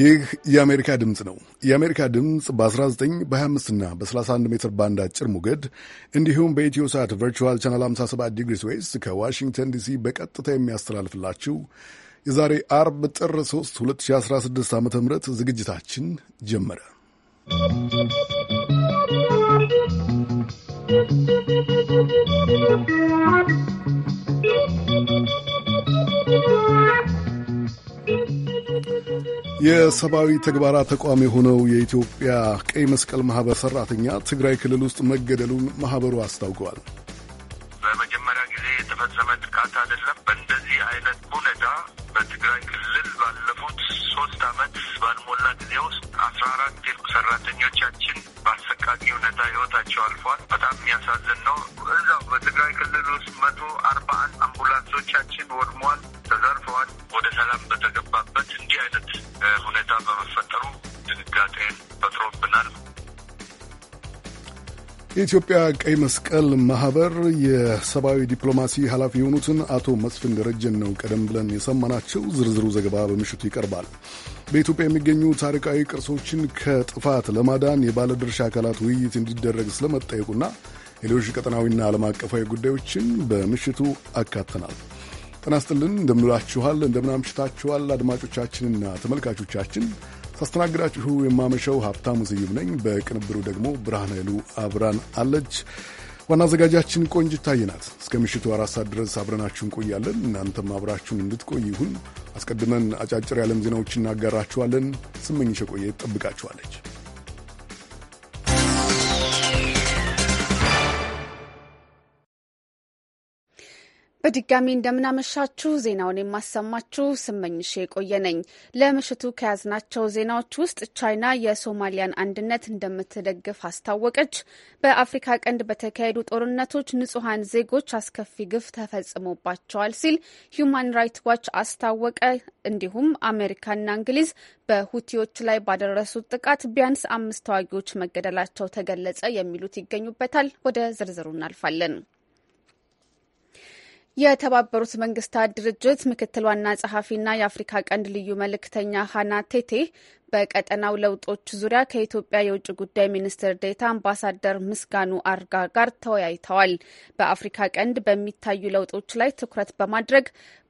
ይህ የአሜሪካ ድምፅ ነው። የአሜሪካ ድምፅ በ19 በ25 እና በ31 ሜትር ባንድ አጭር ሞገድ እንዲሁም በኢትዮ ሰዓት ቨርቹዋል ቻናል 57 ዲግሪስ ዌስት ከዋሽንግተን ዲሲ በቀጥታ የሚያስተላልፍላችሁ የዛሬ አርብ ጥር 3 2016 ዓ ም ዝግጅታችን ጀመረ። ¶¶ የሰብአዊ ተግባራት ተቋም የሆነው የኢትዮጵያ ቀይ መስቀል ማህበር ሰራተኛ ትግራይ ክልል ውስጥ መገደሉን ማህበሩ አስታውቀዋል። በመጀመሪያ ጊዜ የተፈጸመ ጥቃት አይደለም። በእንደዚህ አይነት ሁኔታ በትግራይ ክልል ባለፉት ሶስት ዓመት ባልሞላ ጊዜ ውስጥ አስራ አራት ሰራተኞቻችን በአሰቃቂ ሁኔታ ህይወታቸው አልፏል። በጣም የሚያሳዝን ነው። እዛው በትግራይ ክልል ውስጥ መቶ አርባ አንድ አምቡላንሶቻችን ወድመዋል፣ ተዘርፈዋል። ወደ ሰላም በተገባበት እንዲህ አይነት ሁኔታ በመፈጠሩ ድንጋጤን ፈጥሮብናል። የኢትዮጵያ ቀይ መስቀል ማህበር የሰብአዊ ዲፕሎማሲ ኃላፊ የሆኑትን አቶ መስፍን ደረጀን ነው ቀደም ብለን የሰማናቸው። ዝርዝሩ ዘገባ በምሽቱ ይቀርባል። በኢትዮጵያ የሚገኙ ታሪካዊ ቅርሶችን ከጥፋት ለማዳን የባለድርሻ አካላት ውይይት እንዲደረግ ስለመጠየቁና የሌሎች ቀጠናዊና ዓለም አቀፋዊ ጉዳዮችን በምሽቱ አካተናል። ጤና ይስጥልን፣ እንደምንላችኋል፣ እንደምናምሽታችኋል አድማጮቻችንና ተመልካቾቻችን ሳስተናግዳችሁ የማመሸው ሀብታሙ ስዩም ነኝ። በቅንብሩ ደግሞ ብርሃን ኃይሉ አብራን አለች። ዋና አዘጋጃችን ቆንጅት ታየናት። እስከ ምሽቱ አራት ሰዓት ድረስ አብረናችሁ እንቆያለን። እናንተም አብራችሁን እንድትቆይ ይሁን። አስቀድመን አጫጭር የዓለም ዜናዎች እናጋራችኋለን። ስመኝሽ ቆየ ጠብቃችኋለች። በድጋሚ እንደምናመሻችሁ ዜናውን የማሰማችሁ ስመኝሽ የቆየ ነኝ። ለምሽቱ ከያዝናቸው ዜናዎች ውስጥ ቻይና የሶማሊያን አንድነት እንደምትደግፍ አስታወቀች፣ በአፍሪካ ቀንድ በተካሄዱ ጦርነቶች ንጹሐን ዜጎች አስከፊ ግፍ ተፈጽሞባቸዋል ሲል ሂዩማን ራይትስ ዋች አስታወቀ፣ እንዲሁም አሜሪካና እንግሊዝ በሁቲዎች ላይ ባደረሱት ጥቃት ቢያንስ አምስት ተዋጊዎች መገደላቸው ተገለጸ፣ የሚሉት ይገኙበታል። ወደ ዝርዝሩ እናልፋለን። የተባበሩት መንግስታት ድርጅት ምክትል ዋና ጸሐፊና የአፍሪካ ቀንድ ልዩ መልእክተኛ ሀና ቴቴ በቀጠናው ለውጦች ዙሪያ ከኢትዮጵያ የውጭ ጉዳይ ሚኒስትር ዴታ አምባሳደር ምስጋኑ አርጋ ጋር ተወያይተዋል። በአፍሪካ ቀንድ በሚታዩ ለውጦች ላይ ትኩረት በማድረግ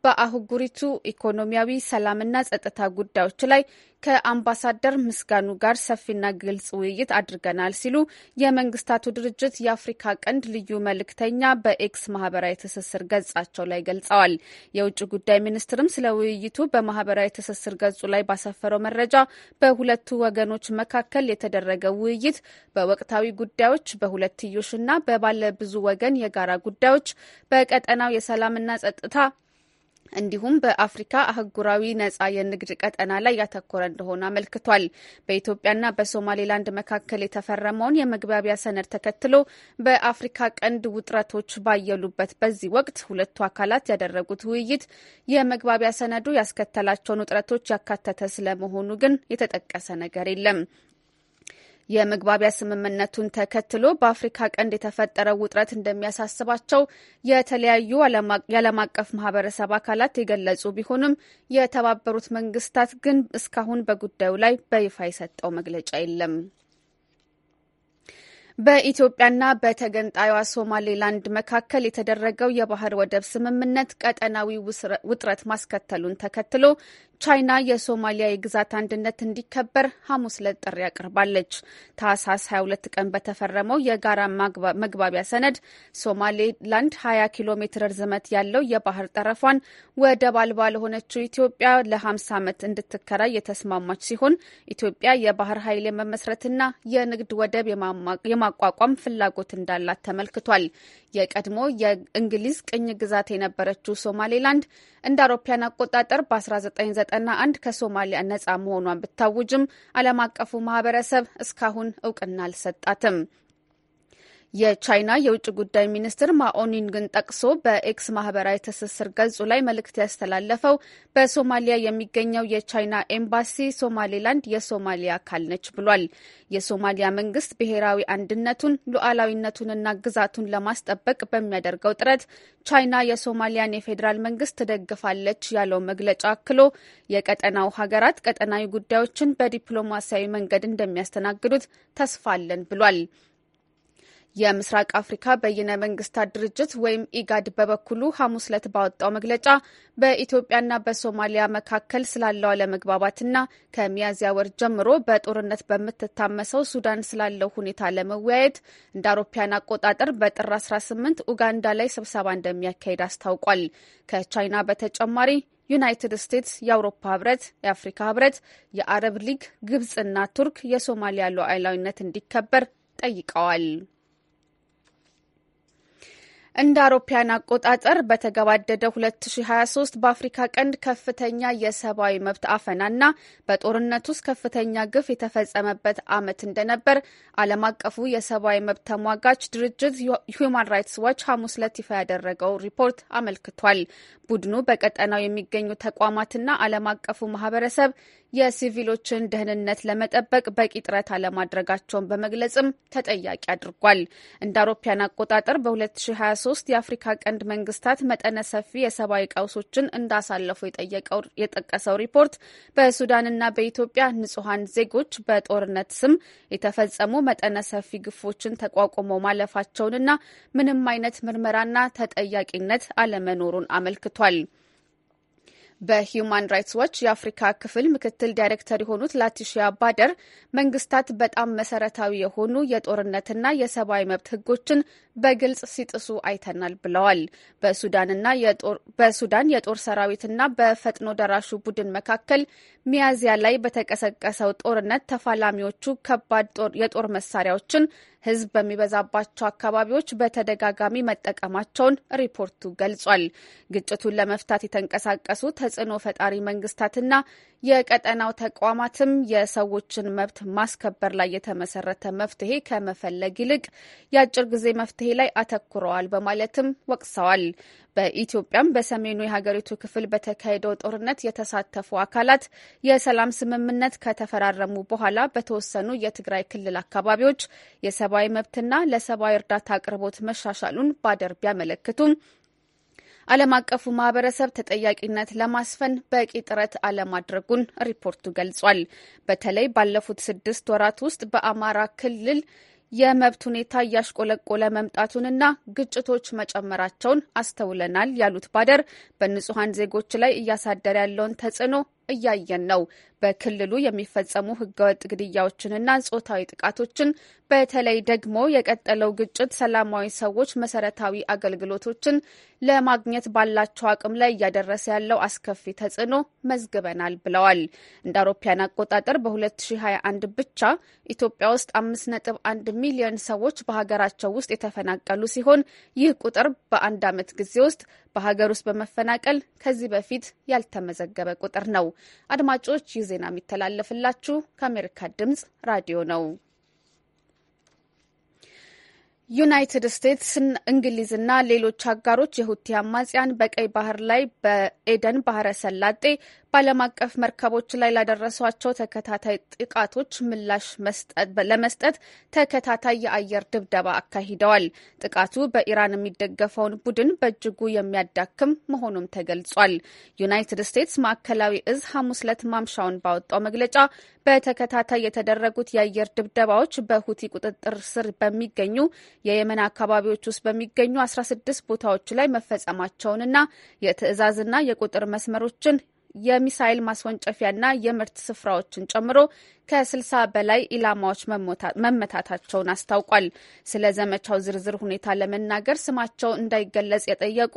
በአህጉሪቱ ኢኮኖሚያዊ ሰላምና ጸጥታ ጉዳዮች ላይ ከአምባሳደር ምስጋኑ ጋር ሰፊና ግልጽ ውይይት አድርገናል ሲሉ የመንግስታቱ ድርጅት የአፍሪካ ቀንድ ልዩ መልእክተኛ በኤክስ ማህበራዊ ትስስር ገጻቸው ላይ ገልጸዋል። የውጭ ጉዳይ ሚኒስትርም ስለ ውይይቱ በማህበራዊ ትስስር ገጹ ላይ ባሰፈረው መረጃ በሁለቱ ወገኖች መካከል የተደረገው ውይይት በወቅታዊ ጉዳዮች፣ በሁለትዮሽና በባለብዙ ወገን የጋራ ጉዳዮች፣ በቀጠናው የሰላምና ጸጥታ እንዲሁም በአፍሪካ አህጉራዊ ነጻ የንግድ ቀጠና ላይ ያተኮረ እንደሆነ አመልክቷል። በኢትዮጵያና በሶማሌላንድ መካከል የተፈረመውን የመግባቢያ ሰነድ ተከትሎ በአፍሪካ ቀንድ ውጥረቶች ባየሉበት በዚህ ወቅት ሁለቱ አካላት ያደረጉት ውይይት የመግባቢያ ሰነዱ ያስከተላቸውን ውጥረቶች ያካተተ ስለመሆኑ ግን የተጠቀሰ ነገር የለም። የመግባቢያ ስምምነቱን ተከትሎ በአፍሪካ ቀንድ የተፈጠረው ውጥረት እንደሚያሳስባቸው የተለያዩ የዓለም አቀፍ ማህበረሰብ አካላት የገለጹ ቢሆንም የተባበሩት መንግስታት ግን እስካሁን በጉዳዩ ላይ በይፋ የሰጠው መግለጫ የለም። በኢትዮጵያና በተገንጣዩዋ ሶማሌላንድ መካከል የተደረገው የባህር ወደብ ስምምነት ቀጠናዊ ውጥረት ማስከተሉን ተከትሎ ቻይና የሶማሊያ የግዛት አንድነት እንዲከበር ሐሙስ ዕለት ጥሪ አቅርባለች። ታህሳስ 22 ቀን በተፈረመው የጋራ መግባቢያ ሰነድ ሶማሌላንድ 20 ኪሎ ሜትር ርዝመት ያለው የባህር ጠረፏን ወደብ አልባ ለሆነችው ኢትዮጵያ ለ50 ዓመት እንድትከራይ የተስማማች ሲሆን ኢትዮጵያ የባህር ኃይል የመመስረትና የንግድ ወደብ የማቋቋም ፍላጎት እንዳላት ተመልክቷል። የቀድሞ የእንግሊዝ ቅኝ ግዛት የነበረችው ሶማሌላንድ እንደ አውሮፓውያን አቆጣጠር በ19 ቀጠና አንድ ከሶማሊያ ነጻ መሆኗን ብታውጅም ዓለም አቀፉ ማህበረሰብ እስካሁን እውቅና አልሰጣትም። የቻይና የውጭ ጉዳይ ሚኒስትር ማኦኒንግን ጠቅሶ በኤክስ ማህበራዊ ትስስር ገጹ ላይ መልእክት ያስተላለፈው በሶማሊያ የሚገኘው የቻይና ኤምባሲ ሶማሌላንድ የሶማሊያ አካል ነች ብሏል። የሶማሊያ መንግስት ብሔራዊ አንድነቱን ሉዓላዊነቱንና ግዛቱን ለማስጠበቅ በሚያደርገው ጥረት ቻይና የሶማሊያን የፌዴራል መንግስት ትደግፋለች ያለው መግለጫ አክሎ የቀጠናው ሀገራት ቀጠናዊ ጉዳዮችን በዲፕሎማሲያዊ መንገድ እንደሚያስተናግዱት ተስፋ አለን ብሏል። የምስራቅ አፍሪካ በይነ መንግስታት ድርጅት ወይም ኢጋድ በበኩሉ ሐሙስ ዕለት ባወጣው መግለጫ በኢትዮጵያና በሶማሊያ መካከል ስላለው አለመግባባትና ከሚያዝያ ወር ጀምሮ በጦርነት በምትታመሰው ሱዳን ስላለው ሁኔታ ለመወያየት እንደ አውሮፓውያን አቆጣጠር በጥር 18 ኡጋንዳ ላይ ስብሰባ እንደሚያካሄድ አስታውቋል። ከቻይና በተጨማሪ ዩናይትድ ስቴትስ፣ የአውሮፓ ህብረት፣ የአፍሪካ ህብረት፣ የአረብ ሊግ፣ ግብጽና ቱርክ የሶማሊያ ሉዓላዊነት እንዲከበር ጠይቀዋል። እንደ አውሮፓያን አቆጣጠር በተገባደደ 2023 በአፍሪካ ቀንድ ከፍተኛ የሰብአዊ መብት አፈናና በጦርነት ውስጥ ከፍተኛ ግፍ የተፈጸመበት ዓመት እንደነበር ዓለም አቀፉ የሰብአዊ መብት ተሟጋች ድርጅት ሁማን ራይትስ ዋች ሐሙስ ዕለት ይፋ ያደረገው ሪፖርት አመልክቷል። ቡድኑ በቀጠናው የሚገኙ ተቋማትና ዓለም አቀፉ ማህበረሰብ የሲቪሎችን ደህንነት ለመጠበቅ በቂ ጥረት አለማድረጋቸውን በመግለጽም ተጠያቂ አድርጓል። እንደ አውሮፓያን አቆጣጠር በ2023 የአፍሪካ ቀንድ መንግስታት መጠነ ሰፊ የሰብአዊ ቀውሶችን እንዳሳለፉ የጠየቀው የጠቀሰው ሪፖርት በሱዳንና በኢትዮጵያ ንጹሐን ዜጎች በጦርነት ስም የተፈጸሙ መጠነ ሰፊ ግፎችን ተቋቁሞ ማለፋቸውንና ምንም አይነት ምርመራና ተጠያቂነት አለመኖሩን አመልክቷል። በሂዩማን ራይትስ ዋች የአፍሪካ ክፍል ምክትል ዳይሬክተር የሆኑት ላቲሺያ ባደር መንግስታት በጣም መሰረታዊ የሆኑ የጦርነትና የሰብአዊ መብት ህጎችን በግልጽ ሲጥሱ አይተናል ብለዋል። በሱዳን የጦር ሰራዊትና በፈጥኖ ደራሹ ቡድን መካከል ሚያዝያ ላይ በተቀሰቀሰው ጦርነት ተፋላሚዎቹ ከባድ የጦር መሳሪያዎችን ሕዝብ በሚበዛባቸው አካባቢዎች በተደጋጋሚ መጠቀማቸውን ሪፖርቱ ገልጿል። ግጭቱን ለመፍታት የተንቀሳቀሱ ተጽዕኖ ፈጣሪ መንግስታትና የቀጠናው ተቋማትም የሰዎችን መብት ማስከበር ላይ የተመሰረተ መፍትሄ ከመፈለግ ይልቅ የአጭር ጊዜ መፍትሄ ላይ አተኩረዋል በማለትም ወቅሰዋል። በኢትዮጵያም በሰሜኑ የሀገሪቱ ክፍል በተካሄደው ጦርነት የተሳተፉ አካላት የሰላም ስምምነት ከተፈራረሙ በኋላ በተወሰኑ የትግራይ ክልል አካባቢዎች የሰብአዊ መብትና ለሰብአዊ እርዳታ አቅርቦት መሻሻሉን ባደር ቢያመለክቱም ዓለም አቀፉ ማህበረሰብ ተጠያቂነት ለማስፈን በቂ ጥረት አለማድረጉን ሪፖርቱ ገልጿል። በተለይ ባለፉት ስድስት ወራት ውስጥ በአማራ ክልል የመብት ሁኔታ እያሽቆለቆለ መምጣቱንና ግጭቶች መጨመራቸውን አስተውለናል ያሉት ባደር በንጹሐን ዜጎች ላይ እያሳደረ ያለውን ተጽዕኖ እያየን ነው። በክልሉ የሚፈጸሙ ህገወጥ ግድያዎችንና ጾታዊ ጥቃቶችን በተለይ ደግሞ የቀጠለው ግጭት ሰላማዊ ሰዎች መሰረታዊ አገልግሎቶችን ለማግኘት ባላቸው አቅም ላይ እያደረሰ ያለው አስከፊ ተጽዕኖ መዝግበናል ብለዋል። እንደ አውሮፓያን አቆጣጠር በ2021 ብቻ ኢትዮጵያ ውስጥ 5.1 ሚሊዮን ሰዎች በሀገራቸው ውስጥ የተፈናቀሉ ሲሆን ይህ ቁጥር በአንድ ዓመት ጊዜ ውስጥ በሀገር ውስጥ በመፈናቀል ከዚህ በፊት ያልተመዘገበ ቁጥር ነው። አድማጮች ይህ ዜና የሚተላለፍላችሁ ከአሜሪካ ድምጽ ራዲዮ ነው። ዩናይትድ ስቴትስ፣ እንግሊዝና ሌሎች አጋሮች የሁቲ አማጽያን በቀይ ባህር ላይ በኤደን ባህረ ሰላጤ በዓለም አቀፍ መርከቦች ላይ ላደረሷቸው ተከታታይ ጥቃቶች ምላሽ ለመስጠት ተከታታይ የአየር ድብደባ አካሂደዋል። ጥቃቱ በኢራን የሚደገፈውን ቡድን በእጅጉ የሚያዳክም መሆኑም ተገልጿል። ዩናይትድ ስቴትስ ማዕከላዊ እዝ ሐሙስ ዕለት ማምሻውን ባወጣው መግለጫ በተከታታይ የተደረጉት የአየር ድብደባዎች በሁቲ ቁጥጥር ስር በሚገኙ የየመን አካባቢዎች ውስጥ በሚገኙ 16 ቦታዎች ላይ መፈጸማቸውንና የትዕዛዝና የቁጥር መስመሮችን የሚሳይል ማስወንጨፊያና የምርት ስፍራዎችን ጨምሮ ከ60 በላይ ኢላማዎች መመታታቸውን አስታውቋል። ስለ ዘመቻው ዝርዝር ሁኔታ ለመናገር ስማቸው እንዳይገለጽ የጠየቁ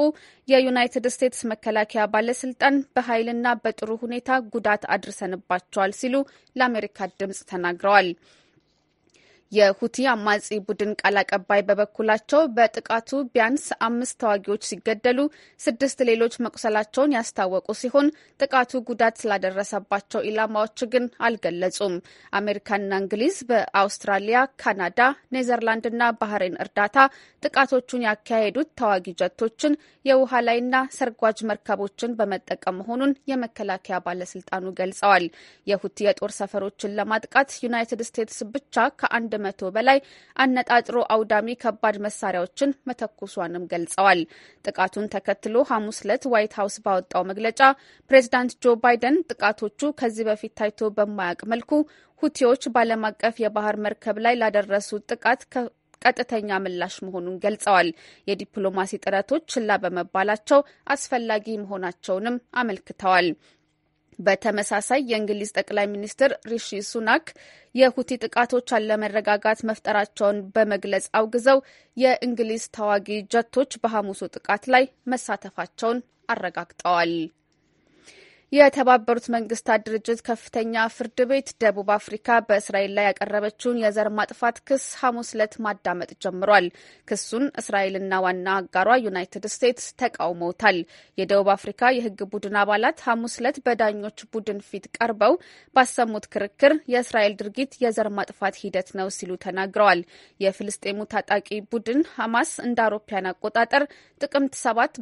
የዩናይትድ ስቴትስ መከላከያ ባለስልጣን በኃይልና በጥሩ ሁኔታ ጉዳት አድርሰንባቸዋል ሲሉ ለአሜሪካ ድምጽ ተናግረዋል። የሁቲ አማጺ ቡድን ቃል አቀባይ በበኩላቸው በጥቃቱ ቢያንስ አምስት ተዋጊዎች ሲገደሉ ስድስት ሌሎች መቁሰላቸውን ያስታወቁ ሲሆን ጥቃቱ ጉዳት ስላደረሰባቸው ኢላማዎች ግን አልገለጹም። አሜሪካና እንግሊዝ በአውስትራሊያ፣ ካናዳ፣ ኔዘርላንድና ባህሬን እርዳታ ጥቃቶቹን ያካሄዱት ተዋጊ ጀቶችን የውሃ ላይና ሰርጓጅ መርከቦችን በመጠቀም መሆኑን የመከላከያ ባለስልጣኑ ገልጸዋል። የሁቲ የጦር ሰፈሮችን ለማጥቃት ዩናይትድ ስቴትስ ብቻ ከአንድ ከመቶ በላይ አነጣጥሮ አውዳሚ ከባድ መሳሪያዎችን መተኮሷንም ገልጸዋል። ጥቃቱን ተከትሎ ሐሙስ ዕለት ዋይት ሀውስ ባወጣው መግለጫ ፕሬዚዳንት ጆ ባይደን ጥቃቶቹ ከዚህ በፊት ታይቶ በማያውቅ መልኩ ሁቲዎች በዓለም አቀፍ የባህር መርከብ ላይ ላደረሱት ጥቃት ቀጥተኛ ምላሽ መሆኑን ገልጸዋል። የዲፕሎማሲ ጥረቶች ችላ በመባላቸው አስፈላጊ መሆናቸውንም አመልክተዋል። በተመሳሳይ የእንግሊዝ ጠቅላይ ሚኒስትር ሪሺ ሱናክ የሁቲ ጥቃቶች አለመረጋጋት መፍጠራቸውን በመግለጽ አውግዘው የእንግሊዝ ተዋጊ ጀቶች በሐሙሱ ጥቃት ላይ መሳተፋቸውን አረጋግጠዋል። የተባበሩት መንግስታት ድርጅት ከፍተኛ ፍርድ ቤት ደቡብ አፍሪካ በእስራኤል ላይ ያቀረበችውን የዘር ማጥፋት ክስ ሐሙስ ዕለት ማዳመጥ ጀምሯል። ክሱን እስራኤልና ዋና አጋሯ ዩናይትድ ስቴትስ ተቃውመውታል። የደቡብ አፍሪካ የሕግ ቡድን አባላት ሐሙስ ዕለት በዳኞች ቡድን ፊት ቀርበው ባሰሙት ክርክር የእስራኤል ድርጊት የዘር ማጥፋት ሂደት ነው ሲሉ ተናግረዋል። የፍልስጤሙ ታጣቂ ቡድን ሐማስ እንደ አውሮፓውያን አቆጣጠር ጥቅምት ሰባት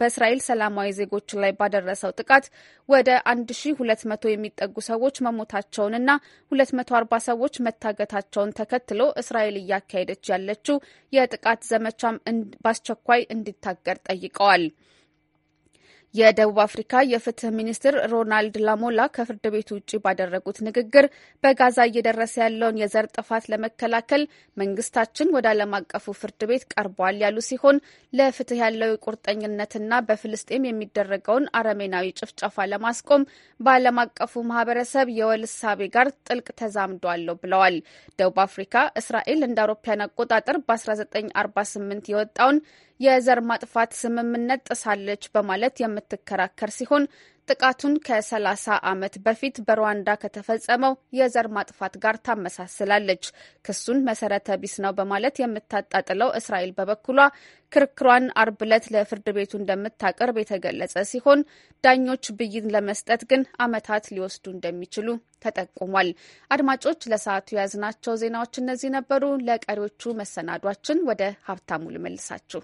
በእስራኤል ሰላማዊ ዜጎች ላይ ባደረሰው ጥቃት ወደ 1200 የሚጠጉ ሰዎች መሞታቸውንና 240 ሰዎች መታገታቸውን ተከትሎ እስራኤል እያካሄደች ያለችው የጥቃት ዘመቻም በአስቸኳይ እንዲታገር ጠይቀዋል። የደቡብ አፍሪካ የፍትህ ሚኒስትር ሮናልድ ላሞላ ከፍርድ ቤት ውጭ ባደረጉት ንግግር በጋዛ እየደረሰ ያለውን የዘር ጥፋት ለመከላከል መንግስታችን ወደ ዓለም አቀፉ ፍርድ ቤት ቀርቧል ያሉ ሲሆን ለፍትህ ያለው ቁርጠኝነትና በፍልስጤም የሚደረገውን አረሜናዊ ጭፍጨፋ ለማስቆም በዓለም አቀፉ ማህበረሰብ የወል እሳቤ ጋር ጥልቅ ተዛምዷለሁ ብለዋል። ደቡብ አፍሪካ እስራኤል እንደ አውሮፓውያን አቆጣጠር በ1948 የወጣውን የዘር ማጥፋት ስምምነት ጥሳለች በማለት የምትከራከር ሲሆን ጥቃቱን ከ30 ዓመት በፊት በሩዋንዳ ከተፈጸመው የዘር ማጥፋት ጋር ታመሳስላለች። ክሱን መሰረተ ቢስ ነው በማለት የምታጣጥለው እስራኤል በበኩሏ ክርክሯን አርብ ዕለት ለፍርድ ቤቱ እንደምታቀርብ የተገለጸ ሲሆን ዳኞች ብይን ለመስጠት ግን ዓመታት ሊወስዱ እንደሚችሉ ተጠቁሟል። አድማጮች ለሰዓቱ የያዝናቸው ዜናዎች እነዚህ ነበሩ። ለቀሪዎቹ መሰናዷችን ወደ ሀብታሙ ልመልሳችሁ።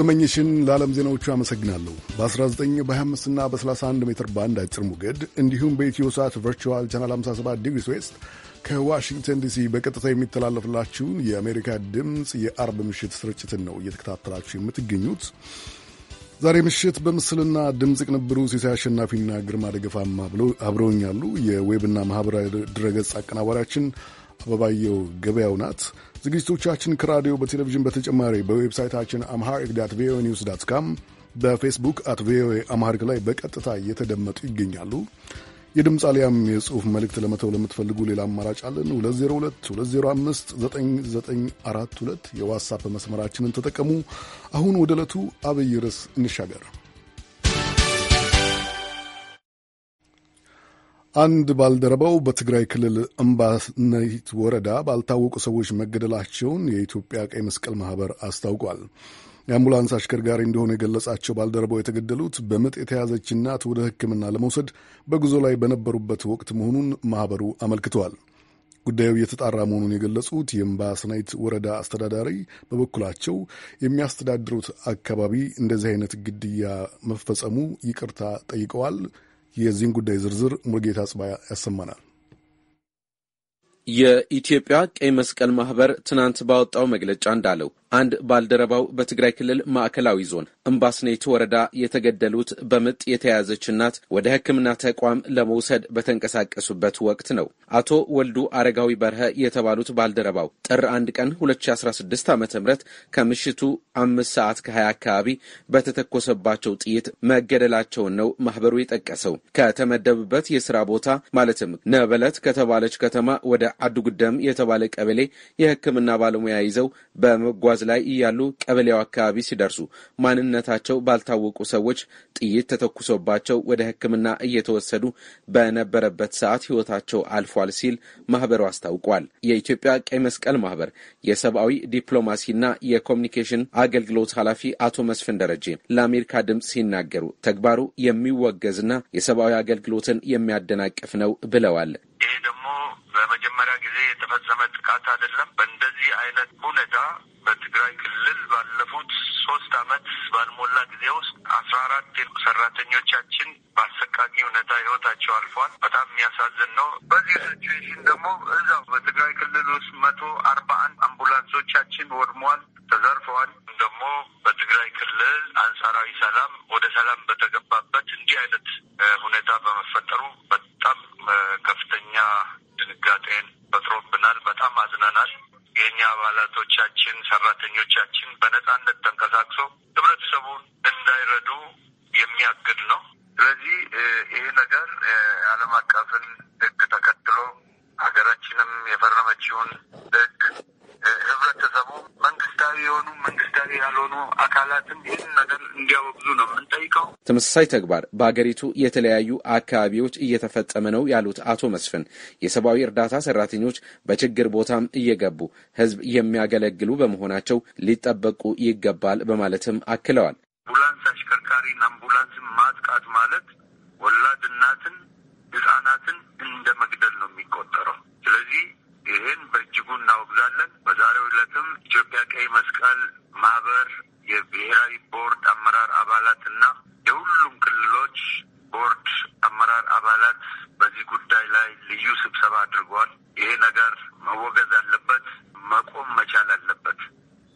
ስመኝሽን ለዓለም ዜናዎቹ አመሰግናለሁ። በ19 በ25 እና በ31 ሜትር ባንድ አጭር ሞገድ እንዲሁም በኢትዮ ሰዓት ቨርቹዋል ቻናል 57 ዲግሪ ስዌስት ከዋሽንግተን ዲሲ በቀጥታ የሚተላለፍላችሁን የአሜሪካ ድምፅ የአርብ ምሽት ስርጭትን ነው እየተከታተላችሁ የምትገኙት። ዛሬ ምሽት በምስልና ድምፅ ቅንብሩ ሲሳይ አሸናፊና ግርማ ደገፋም አብረውኛሉ። የዌብና ማህበራዊ ድረገጽ አቀናባሪያችን አበባየው ገበያው ናት። ዝግጅቶቻችን ከራዲዮ በቴሌቪዥን በተጨማሪ በዌብሳይታችን አምሃሪክ ዳት ቪኦኤ ኒውስ ዳት ካም በፌስቡክ አት ቪኦኤ አምሃሪክ ላይ በቀጥታ እየተደመጡ ይገኛሉ። የድምፅ አሊያም የጽሑፍ መልእክት ለመተው ለምትፈልጉ ሌላ አማራጭ አለን። 2022059942 የዋትሳፕ መስመራችንን ተጠቀሙ። አሁን ወደ ዕለቱ አብይ ርዕስ እንሻገር። አንድ ባልደረባው በትግራይ ክልል እምባነት ወረዳ ባልታወቁ ሰዎች መገደላቸውን የኢትዮጵያ ቀይ መስቀል ማህበር አስታውቋል። የአምቡላንስ አሽከርጋሪ እንደሆኑ የገለጻቸው ባልደረባው የተገደሉት በምጥ የተያዘች እናት ወደ ሕክምና ለመውሰድ በጉዞ ላይ በነበሩበት ወቅት መሆኑን ማኅበሩ አመልክተዋል። ጉዳዩ እየተጣራ መሆኑን የገለጹት የእምባ ስናይት ወረዳ አስተዳዳሪ በበኩላቸው የሚያስተዳድሩት አካባቢ እንደዚህ አይነት ግድያ መፈጸሙ ይቅርታ ጠይቀዋል። የዚህን ጉዳይ ዝርዝር ሙልጌታ ጽባ ያሰማናል። የኢትዮጵያ ቀይ መስቀል ማህበር ትናንት ባወጣው መግለጫ እንዳለው አንድ ባልደረባው በትግራይ ክልል ማዕከላዊ ዞን እምባስኔቱ ወረዳ የተገደሉት በምጥ የተያዘች እናት ወደ ሕክምና ተቋም ለመውሰድ በተንቀሳቀሱበት ወቅት ነው። አቶ ወልዱ አረጋዊ በርሀ የተባሉት ባልደረባው ጥር አንድ ቀን 2016 ዓ ምት ከምሽቱ አምስት ሰዓት ከ20 አካባቢ በተተኮሰባቸው ጥይት መገደላቸውን ነው ማህበሩ የጠቀሰው። ከተመደቡበት የስራ ቦታ ማለትም ነበለት ከተባለች ከተማ ወደ አዱጉደም የተባለ ቀበሌ የሕክምና ባለሙያ ይዘው በመጓዝ ላይ እያሉ ቀበሌው አካባቢ ሲደርሱ ማንነት ማንነታቸው ባልታወቁ ሰዎች ጥይት ተተኩሶባቸው ወደ ሕክምና እየተወሰዱ በነበረበት ሰዓት ሕይወታቸው አልፏል ሲል ማህበሩ አስታውቋል። የኢትዮጵያ ቀይ መስቀል ማህበር የሰብአዊ ዲፕሎማሲና የኮሚኒኬሽን አገልግሎት ኃላፊ አቶ መስፍን ደረጀ ለአሜሪካ ድምፅ ሲናገሩ ተግባሩ የሚወገዝና የሰብአዊ አገልግሎትን የሚያደናቅፍ ነው ብለዋል። ይሄ ደግሞ በመጀመሪያ ጊዜ የተፈጸመ ጥቃት አይደለም። በእንደዚህ አይነት ሁኔታ በትግራይ ክልል ባለፉት ሶስት አመት ባልሞላ ጊዜ ውስጥ አስራ አራት ሰራተኞቻችን በአሰቃቂ ሁኔታ ህይወታቸው አልፏል። በጣም የሚያሳዝን ነው። በዚህ ሲቹዌሽን ደግሞ እዛው በትግራይ ክልል ውስጥ መቶ አርባ አንድ አምቡላንሶቻችን ወድሟል ተዘርፈዋል። ደግሞ በትግራይ ክልል አንጻራዊ ሰላም ወደ ሰላም በተገባበት እንዲህ አይነት ሁኔታ በመፈጠሩ በጣም ከፍተኛ ድንጋጤን ፈጥሮብናል። በጣም አዝነናል። የእኛ አባላቶቻችን ሰራተኞች ተመሳሳይ ተግባር በአገሪቱ የተለያዩ አካባቢዎች እየተፈጸመ ነው ያሉት አቶ መስፍን የሰብአዊ እርዳታ ሰራተኞች በችግር ቦታም እየገቡ ህዝብ የሚያገለግሉ በመሆናቸው ሊጠበቁ ይገባል በማለትም አክለዋል። አምቡላንስ አሽከርካሪን፣ አምቡላንስን ማጥቃት ማለት ወላድ እናትን፣ ህጻናትን እንደ መግደል ነው የሚቆጠረው። ስለዚህ ይህን በእጅጉ እናወግዛለን። በዛሬው ዕለትም ኢትዮጵያ ቀይ መስቀል ማህበር የብሔራዊ ቦርድ አመራር አባላት እና የሁሉም ክልሎች ቦርድ አመራር አባላት በዚህ ጉዳይ ላይ ልዩ ስብሰባ አድርገዋል። ይሄ ነገር መወገዝ አለበት፣ መቆም መቻል አለበት።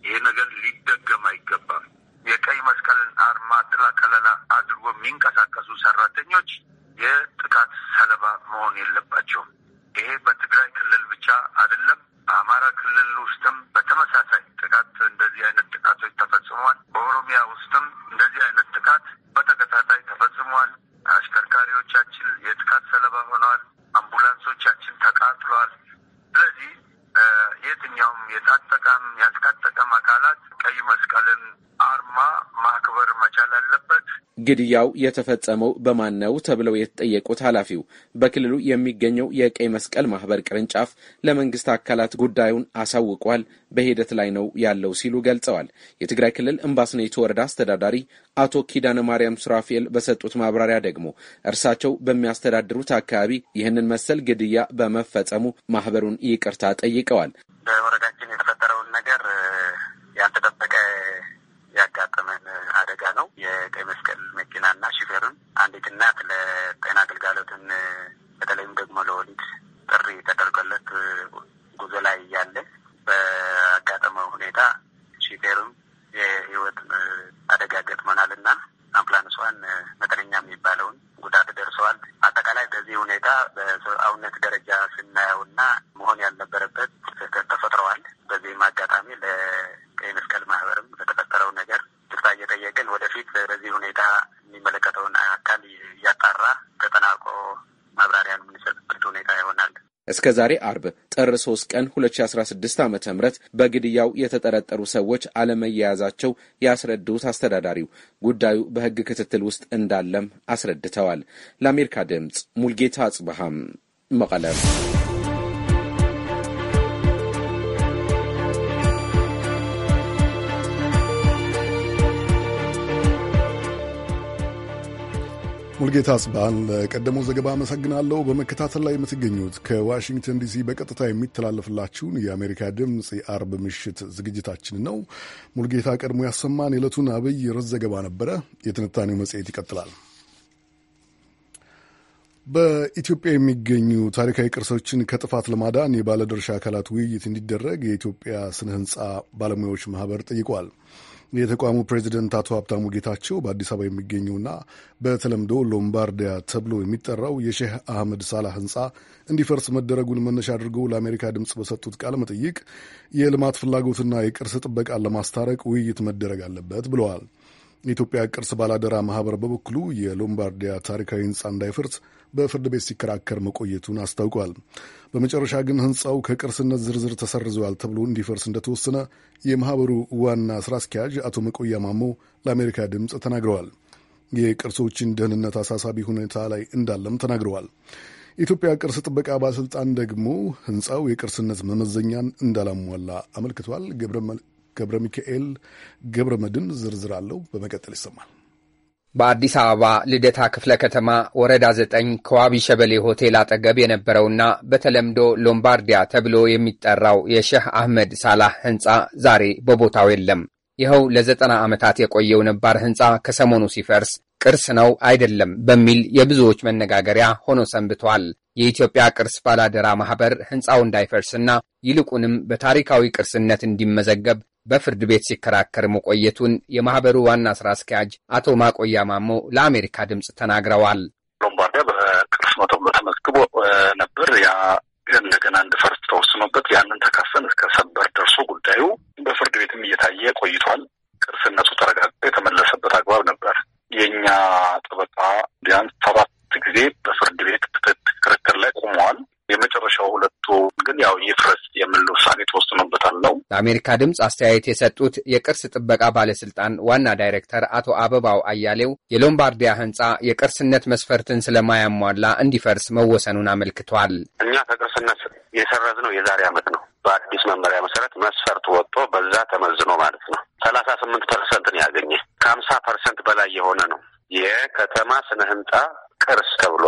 ይሄ ነገር ሊደገም አይገባም። የቀይ መስቀልን አርማ ጥላ ከለላ አድርጎ የሚንቀሳቀሱ ሰራተኞች የጥቃት ሰለባ መሆን የለባቸውም። ይሄ በትግራይ ክልል ብቻ አይደለም። በአማራ ክልል ውስጥም በተመሳሳይ ጥቃት እንደዚህ አይነት ጥቃቶች ተፈጽሟል። በኦሮሚያ ውስጥም እንደዚህ አይነት ጥቃት በተከታታይ ተፈጽሟል። አሽከርካሪዎቻችን የጥቃት ሰለባ ሆነዋል። አምቡላንሶቻችን ተቃጥሏል። ስለዚህ የትኛውም የታጠቀም ያልታጠቀ ግድያው የተፈጸመው በማን ነው ተብለው የተጠየቁት ኃላፊው በክልሉ የሚገኘው የቀይ መስቀል ማህበር ቅርንጫፍ ለመንግስት አካላት ጉዳዩን አሳውቋል፣ በሂደት ላይ ነው ያለው ሲሉ ገልጸዋል። የትግራይ ክልል እምባስኔቱ ወረዳ አስተዳዳሪ አቶ ኪዳነ ማርያም ሱራፌል በሰጡት ማብራሪያ ደግሞ እርሳቸው በሚያስተዳድሩት አካባቢ ይህንን መሰል ግድያ በመፈጸሙ ማህበሩን ይቅርታ ጠይቀዋል። በወረዳችን የተፈጠረውን ነገር ያልተጠበቀ ያጋጠመን አደጋ ነው። የቀይ መስቀል ጤናና ሽፈርም አንዲት እናት ለጤና አገልጋሎትን በተለይም ደግሞ ለወሊድ ጥሪ ተደርጎለት ጉዞ ላይ እያለ በአጋጠመው ሁኔታ ሽፌሩም የህይወት አደጋ ገጥመናል እና አምፕላንሷን መጠነኛ የሚባለውን ጉዳት ደርሰዋል። አጠቃላይ በዚህ ሁኔታ በሰብአዊነት ደረጃ ስናየውና መሆን ያልነበረበት ስህተት ተፈጥረዋል። በዚህም አጋጣሚ ለቀይ መስቀል ማህበርም ለተፈጠረው ነገር ይቅርታ እየጠየቅን ወደፊት በዚህ ሁኔታ የሚመለከተውን አካል እያጣራ ተጠናቆ ማብራሪያን የምንሰጥበት ሁኔታ ይሆናል። እስከ ዛሬ አርብ ጥር 3 ቀን 2016 ዓ ም በግድያው የተጠረጠሩ ሰዎች አለመያያዛቸው ያስረዱት አስተዳዳሪው ጉዳዩ በሕግ ክትትል ውስጥ እንዳለም አስረድተዋል። ለአሜሪካ ድምፅ ሙልጌታ አጽበሃም መቀለም ሙልጌታ አጽባህን ለቀደመው ዘገባ አመሰግናለሁ። በመከታተል ላይ የምትገኙት ከዋሽንግተን ዲሲ በቀጥታ የሚተላለፍላችሁን የአሜሪካ ድምፅ የአርብ ምሽት ዝግጅታችን ነው። ሙልጌታ ቀድሞ ያሰማን የዕለቱን አብይ ርዕስ ዘገባ ነበረ። የትንታኔው መጽሔት ይቀጥላል። በኢትዮጵያ የሚገኙ ታሪካዊ ቅርሶችን ከጥፋት ለማዳን የባለድርሻ አካላት ውይይት እንዲደረግ የኢትዮጵያ ስነ ህንፃ ባለሙያዎች ማህበር ጠይቋል። የተቋሙ ፕሬዚደንት አቶ ሀብታሙ ጌታቸው በአዲስ አበባ የሚገኘውና በተለምዶ ሎምባርዲያ ተብሎ የሚጠራው የሼህ አህመድ ሳላህ ህንፃ እንዲፈርስ መደረጉን መነሻ አድርገው ለአሜሪካ ድምፅ በሰጡት ቃለ መጠይቅ የልማት ፍላጎትና የቅርስ ጥበቃን ለማስታረቅ ውይይት መደረግ አለበት ብለዋል። የኢትዮጵያ ቅርስ ባላደራ ማህበር በበኩሉ የሎምባርዲያ ታሪካዊ ህንፃ እንዳይፈርስ በፍርድ ቤት ሲከራከር መቆየቱን አስታውቋል። በመጨረሻ ግን ህንፃው ከቅርስነት ዝርዝር ተሰርዘዋል ተብሎ እንዲፈርስ እንደተወሰነ የማህበሩ ዋና ስራ አስኪያጅ አቶ መቆያ ማሞ ለአሜሪካ ድምፅ ተናግረዋል። የቅርሶችን ደህንነት አሳሳቢ ሁኔታ ላይ እንዳለም ተናግረዋል። የኢትዮጵያ ቅርስ ጥበቃ ባለስልጣን ደግሞ ህንፃው የቅርስነት መመዘኛን እንዳላሟላ አመልክቷል። ገብረ ሚካኤል ገብረ መድን ዝርዝር አለው። በመቀጠል ይሰማል። በአዲስ አበባ ልደታ ክፍለ ከተማ ወረዳ ዘጠኝ ከዋቢ ሸበሌ ሆቴል አጠገብ የነበረውና በተለምዶ ሎምባርዲያ ተብሎ የሚጠራው የሼህ አህመድ ሳላህ ህንፃ ዛሬ በቦታው የለም። ይኸው ለዘጠና ዓመታት የቆየው ነባር ሕንፃ ከሰሞኑ ሲፈርስ ቅርስ ነው አይደለም በሚል የብዙዎች መነጋገሪያ ሆኖ ሰንብቷል። የኢትዮጵያ ቅርስ ባላደራ ማኅበር ሕንፃው እንዳይፈርስና ይልቁንም በታሪካዊ ቅርስነት እንዲመዘገብ በፍርድ ቤት ሲከራከር መቆየቱን የማኅበሩ ዋና ሥራ አስኪያጅ አቶ ማቆያ ማሞ ለአሜሪካ ድምፅ ተናግረዋል። ሎምባርዲያ በቅርስ መቶ ተመዝግቦ ነበር። ያ እንደገና አንድ ተወስኖበት ያንን ተካሰን እስከ ሰበር ደርሶ ጉዳዩ በፍርድ ቤትም እየታየ ቆይቷል። ቅርስነቱ ተረጋግጦ የተመለሰበት አግባብ ነበር። የእኛ ጠበቃ ቢያንስ ሰባት ጊዜ በፍርድ ቤት ለአሜሪካ ድምፅ አስተያየት የሰጡት የቅርስ ጥበቃ ባለስልጣን ዋና ዳይሬክተር አቶ አበባው አያሌው የሎምባርዲያ ህንፃ የቅርስነት መስፈርትን ስለማያሟላ እንዲፈርስ መወሰኑን አመልክቷል። እኛ ከቅርስነት የሰረዝነው የዛሬ ዓመት ነው። በአዲስ መመሪያ መሰረት መስፈርት ወጥቶ በዛ ተመዝኖ ማለት ነው። ሰላሳ ስምንት ፐርሰንትን ያገኘ ከሀምሳ ፐርሰንት በላይ የሆነ ነው የከተማ ስነ ህንፃ ቅርስ ተብሎ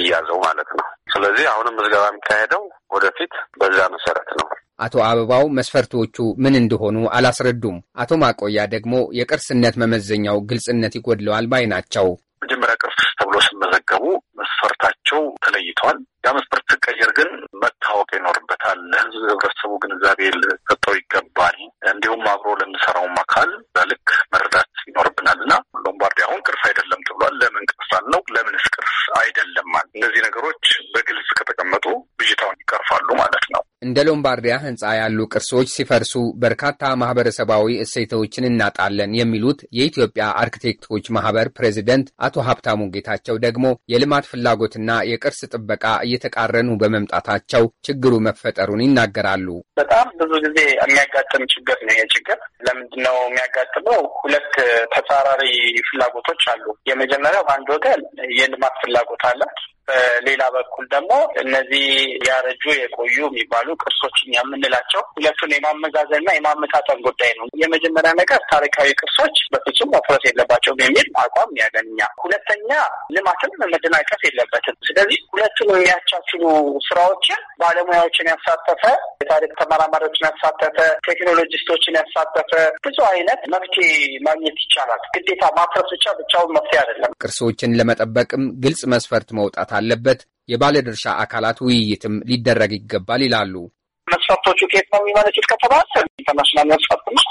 እያዘው ማለት ነው። ስለዚህ አሁንም ምዝገባ የሚካሄደው ወደፊት በዛ መሰረት ነው። አቶ አበባው መስፈርቶቹ ምን እንደሆኑ አላስረዱም። አቶ ማቆያ ደግሞ የቅርስነት መመዘኛው ግልጽነት ይጎድለዋል ባይ ናቸው። መጀመሪያ ቅርስ ተብሎ ሲመዘገቡ መስፈርታቸው ተለይተዋል። ያ መስፈርት ሲቀየር ግን መታወቅ ይኖርበታል። ህዝብ ህብረተሰቡ ግንዛቤ ልሰጠው ይገባል። እንዲሁም አብሮ ለሚሰራውም አካል በልክ መረዳት ይኖርብናል እና ሎምባርዲ አሁን ቅርስ አይደለም ተብሏል። ለምን ቅርስ አለው ለምንስ ቅርስ አይደለም? እነዚህ ነገሮች በግልጽ ከተቀመጡ ብዥታውን ይቀርፋሉ ማለት ነው። እንደ ሎምባርዲያ ህንፃ ያሉ ቅርሶች ሲፈርሱ በርካታ ማህበረሰባዊ እሴቶችን እናጣለን የሚሉት የኢትዮጵያ አርክቴክቶች ማህበር ፕሬዚደንት አቶ ሀብታሙ ጌታቸው ደግሞ የልማት ፍላጎትና የቅርስ ጥበቃ እየተቃረኑ በመምጣታቸው ችግሩ መፈጠሩን ይናገራሉ። በጣም ብዙ ጊዜ የሚያጋጥም ችግር ነው። ችግር ለምንድን ነው የሚያጋጥመው? ሁለት ተጻራሪ ፍላጎቶች አሉ። የመጀመሪያው በአንድ ወገን የልማት ፍላጎት አለ። በሌላ በኩል ደግሞ እነዚህ ያረጁ የቆዩ የሚባሉ ቅርሶችን የምንላቸው ሁለቱን የማመዛዘንና የማመጣጠን ጉዳይ ነው። የመጀመሪያ ነገር ታሪካዊ ቅርሶች በፍጹም መፍረስ የለባቸውም የሚል አቋም ያገኛ፣ ሁለተኛ ልማትም መደናቀፍ የለበትም። ስለዚህ ሁለቱን የሚያቻችሉ ስራዎችን ባለሙያዎችን ያሳተፈ የታሪክ ተመራማሪዎችን ያሳተፈ ቴክኖሎጂስቶችን ያሳተፈ ብዙ አይነት መፍትሄ ማግኘት ይቻላል። ግዴታ ማፍረስ ብቻ ብቻውን መፍትሄ አይደለም። ቅርሶችን ለመጠበቅም ግልጽ መስፈርት መውጣት ካለበት የባለድርሻ አካላት ውይይትም ሊደረግ ይገባል ይላሉ። መስፈርቶቹ ከየት ነው የሚመለሱት ከተባለ ኢንተርናሽናል መስፈርቶች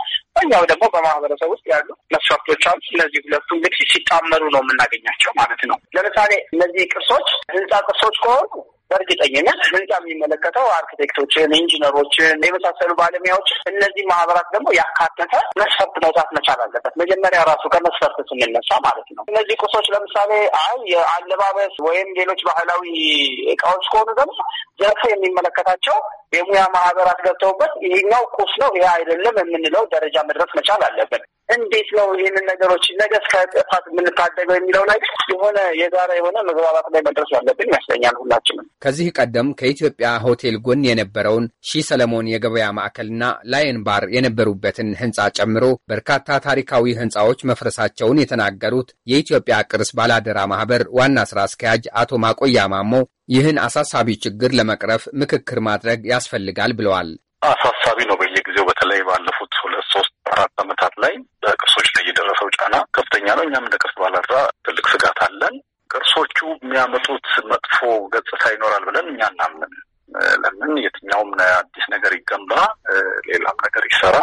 እኛው ደግሞ በማህበረሰብ ውስጥ ያሉ መስፈርቶች አሉ። እነዚህ ሁለቱ እንግዲህ ሲጣመሩ ነው የምናገኛቸው ማለት ነው። ለምሳሌ እነዚህ ቅርሶች ህንፃ ቅርሶች ከሆኑ በእርግጠኝነት ህንፃ የሚመለከተው አርኪቴክቶችን፣ ኢንጂነሮችን የመሳሰሉ ባለሙያዎች እነዚህ ማህበራት ደግሞ ያካተተ መስፈርት መውጣት መቻል አለበት። መጀመሪያ ራሱ ከመስፈርት ስንነሳ ማለት ነው። እነዚህ ቁሶች ለምሳሌ አይ የአለባበስ ወይም ሌሎች ባህላዊ እቃዎች ከሆኑ ደግሞ ዘርፉ የሚመለከታቸው የሙያ ማህበራት ገብተውበት ይሄኛው ቁስ ነው ይሄ አይደለም የምንለው ደረጃ መድረስ መቻል አለብን። እንዴት ነው ይህንን ነገሮች ነገ ከጥፋት የምንታደገው የሚለው ነገር የሆነ የጋራ የሆነ መግባባት ላይ መድረስ ያለብን ይመስለኛል ሁላችንም። ከዚህ ቀደም ከኢትዮጵያ ሆቴል ጎን የነበረውን ሺ ሰለሞን የገበያ ማዕከልና ላየን ባር የነበሩበትን ህንፃ ጨምሮ በርካታ ታሪካዊ ህንፃዎች መፍረሳቸውን የተናገሩት የኢትዮጵያ ቅርስ ባላደራ ማህበር ዋና ስራ አስኪያጅ አቶ ማቆያ ማሞ ይህን አሳሳቢ ችግር ለመቅረፍ ምክክር ማድረግ ያስፈልጋል ብለዋል። አሳሳቢ ነው። በየጊዜው በተለይ ባለፉት አራት ዓመታት ላይ በቅርሶች ላይ የደረሰው ጫና ከፍተኛ ነው። እኛም እንደ ቅርስ ባለድራ ትልቅ ስጋት አለን። ቅርሶቹ የሚያመጡት መጥፎ ገጽታ ይኖራል ብለን እኛ እናምን። ለምን የትኛውም አዲስ ነገር ይገንባ፣ ሌላም ነገር ይሰራ፣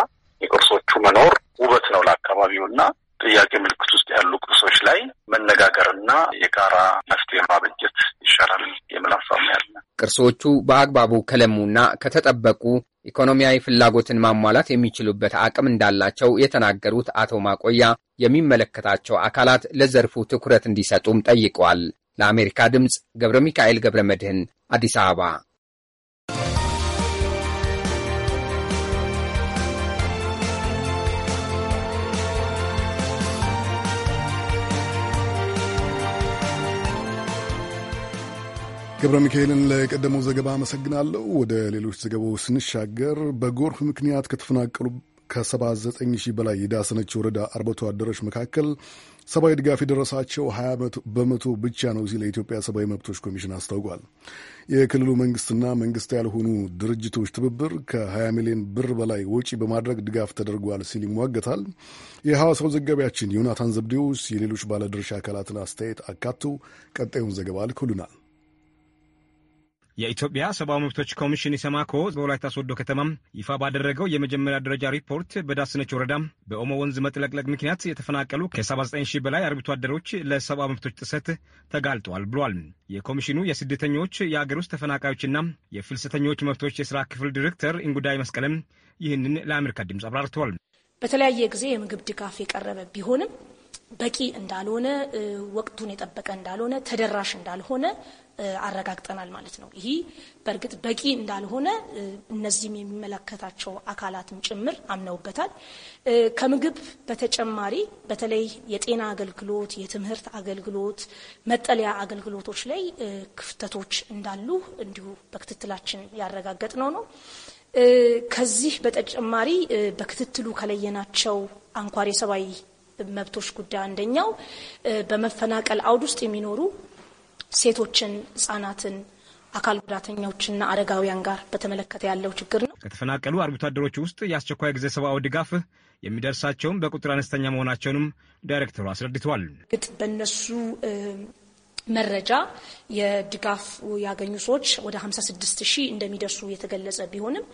የቅርሶቹ መኖር ውበት ነው ለአካባቢው እና ጥያቄ ምልክት ውስጥ ያሉ ቅርሶች ላይ መነጋገርና የጋራ መፍትሄ ማበጀት ይሻላል የምን ያለ ቅርሶቹ በአግባቡ ከለሙና ከተጠበቁ ኢኮኖሚያዊ ፍላጎትን ማሟላት የሚችሉበት አቅም እንዳላቸው የተናገሩት አቶ ማቆያ የሚመለከታቸው አካላት ለዘርፉ ትኩረት እንዲሰጡም ጠይቀዋል። ለአሜሪካ ድምፅ ገብረ ሚካኤል ገብረ መድህን አዲስ አበባ ገብረ ሚካኤልን ለቀደመው ዘገባ አመሰግናለሁ። ወደ ሌሎች ዘገባዎች ስንሻገር በጎርፍ ምክንያት ከተፈናቀሉ ከ79 ሺህ በላይ የዳሰነች ወረዳ አርብቶ አደሮች መካከል ሰብአዊ ድጋፍ የደረሳቸው 20 በመቶ ብቻ ነው ሲል የኢትዮጵያ ሰብአዊ መብቶች ኮሚሽን አስታውቋል። የክልሉ መንግስትና መንግስት ያልሆኑ ድርጅቶች ትብብር ከ20 ሚሊዮን ብር በላይ ወጪ በማድረግ ድጋፍ ተደርጓል ሲል ይሟገታል። የሐዋሳው ዘጋቢያችን ዮናታን ዘብዴዎስ የሌሎች ባለድርሻ አካላትን አስተያየት አካቶ ቀጣዩን ዘገባ ልኮልናል። የኢትዮጵያ ሰብአዊ መብቶች ኮሚሽን ኢሰማኮ በወላይታ ሶዶ ከተማ ይፋ ባደረገው የመጀመሪያ ደረጃ ሪፖርት በዳስነች ወረዳ በኦሞ ወንዝ መጥለቅለቅ ምክንያት የተፈናቀሉ ከ79 ሺህ በላይ አርብቶ አደሮች ለሰብአዊ መብቶች ጥሰት ተጋልጠዋል ብሏል። የኮሚሽኑ የስደተኞች የአገር ውስጥ ተፈናቃዮችና የፍልሰተኞች መብቶች የስራ ክፍል ዲሬክተር እንጉዳይ መስቀለም ይህንን ለአሜሪካ ድምፅ አብራርተዋል። በተለያየ ጊዜ የምግብ ድጋፍ የቀረበ ቢሆንም በቂ እንዳልሆነ፣ ወቅቱን የጠበቀ እንዳልሆነ፣ ተደራሽ እንዳልሆነ አረጋግጠናል ማለት ነው። ይህ በእርግጥ በቂ እንዳልሆነ እነዚህም የሚመለከታቸው አካላትም ጭምር አምነውበታል። ከምግብ በተጨማሪ በተለይ የጤና አገልግሎት፣ የትምህርት አገልግሎት፣ መጠለያ አገልግሎቶች ላይ ክፍተቶች እንዳሉ እንዲሁ በክትትላችን ያረጋገጥነው ነው። ከዚህ በተጨማሪ በክትትሉ ከለየናቸው አንኳር የሰብአዊ መብቶች ጉዳይ አንደኛው በመፈናቀል አውድ ውስጥ የሚኖሩ ሴቶችን፣ ህጻናትን አካል ጉዳተኞችና አረጋውያን ጋር በተመለከተ ያለው ችግር ነው። ከተፈናቀሉ አርብቶ አደሮች ውስጥ የአስቸኳይ ጊዜ ሰብአዊ ድጋፍ የሚደርሳቸውም በቁጥር አነስተኛ መሆናቸውንም ዳይሬክተሩ አስረድተዋል። ግጥ በእነሱ መረጃ የድጋፍ ያገኙ ሰዎች ወደ 56 ሺህ እንደሚደርሱ የተገለጸ ቢሆንም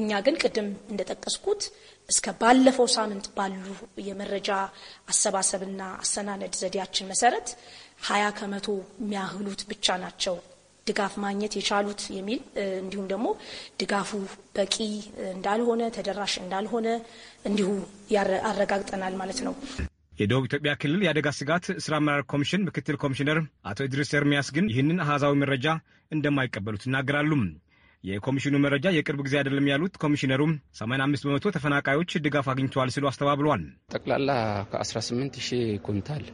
እኛ ግን ቅድም እንደጠቀስኩት እስከ ባለፈው ሳምንት ባሉ የመረጃ አሰባሰብና አሰናነድ ዘዴያችን መሰረት ሀያ ከመቶ የሚያህሉት ብቻ ናቸው ድጋፍ ማግኘት የቻሉት የሚል እንዲሁም ደግሞ ድጋፉ በቂ እንዳልሆነ ተደራሽ እንዳልሆነ እንዲሁ አረጋግጠናል ማለት ነው። የደቡብ ኢትዮጵያ ክልል የአደጋ ስጋት ስራ አመራር ኮሚሽን ምክትል ኮሚሽነር አቶ ኢድሪስ ኤርሚያስ ግን ይህንን አሃዛዊ መረጃ እንደማይቀበሉት ይናገራሉም። የኮሚሽኑ መረጃ የቅርብ ጊዜ አይደለም ያሉት ኮሚሽነሩም 85 በመቶ ተፈናቃዮች ድጋፍ አግኝተዋል ሲሉ አስተባብሏል። ጠቅላላ ከ18 ሺህ ኩንታል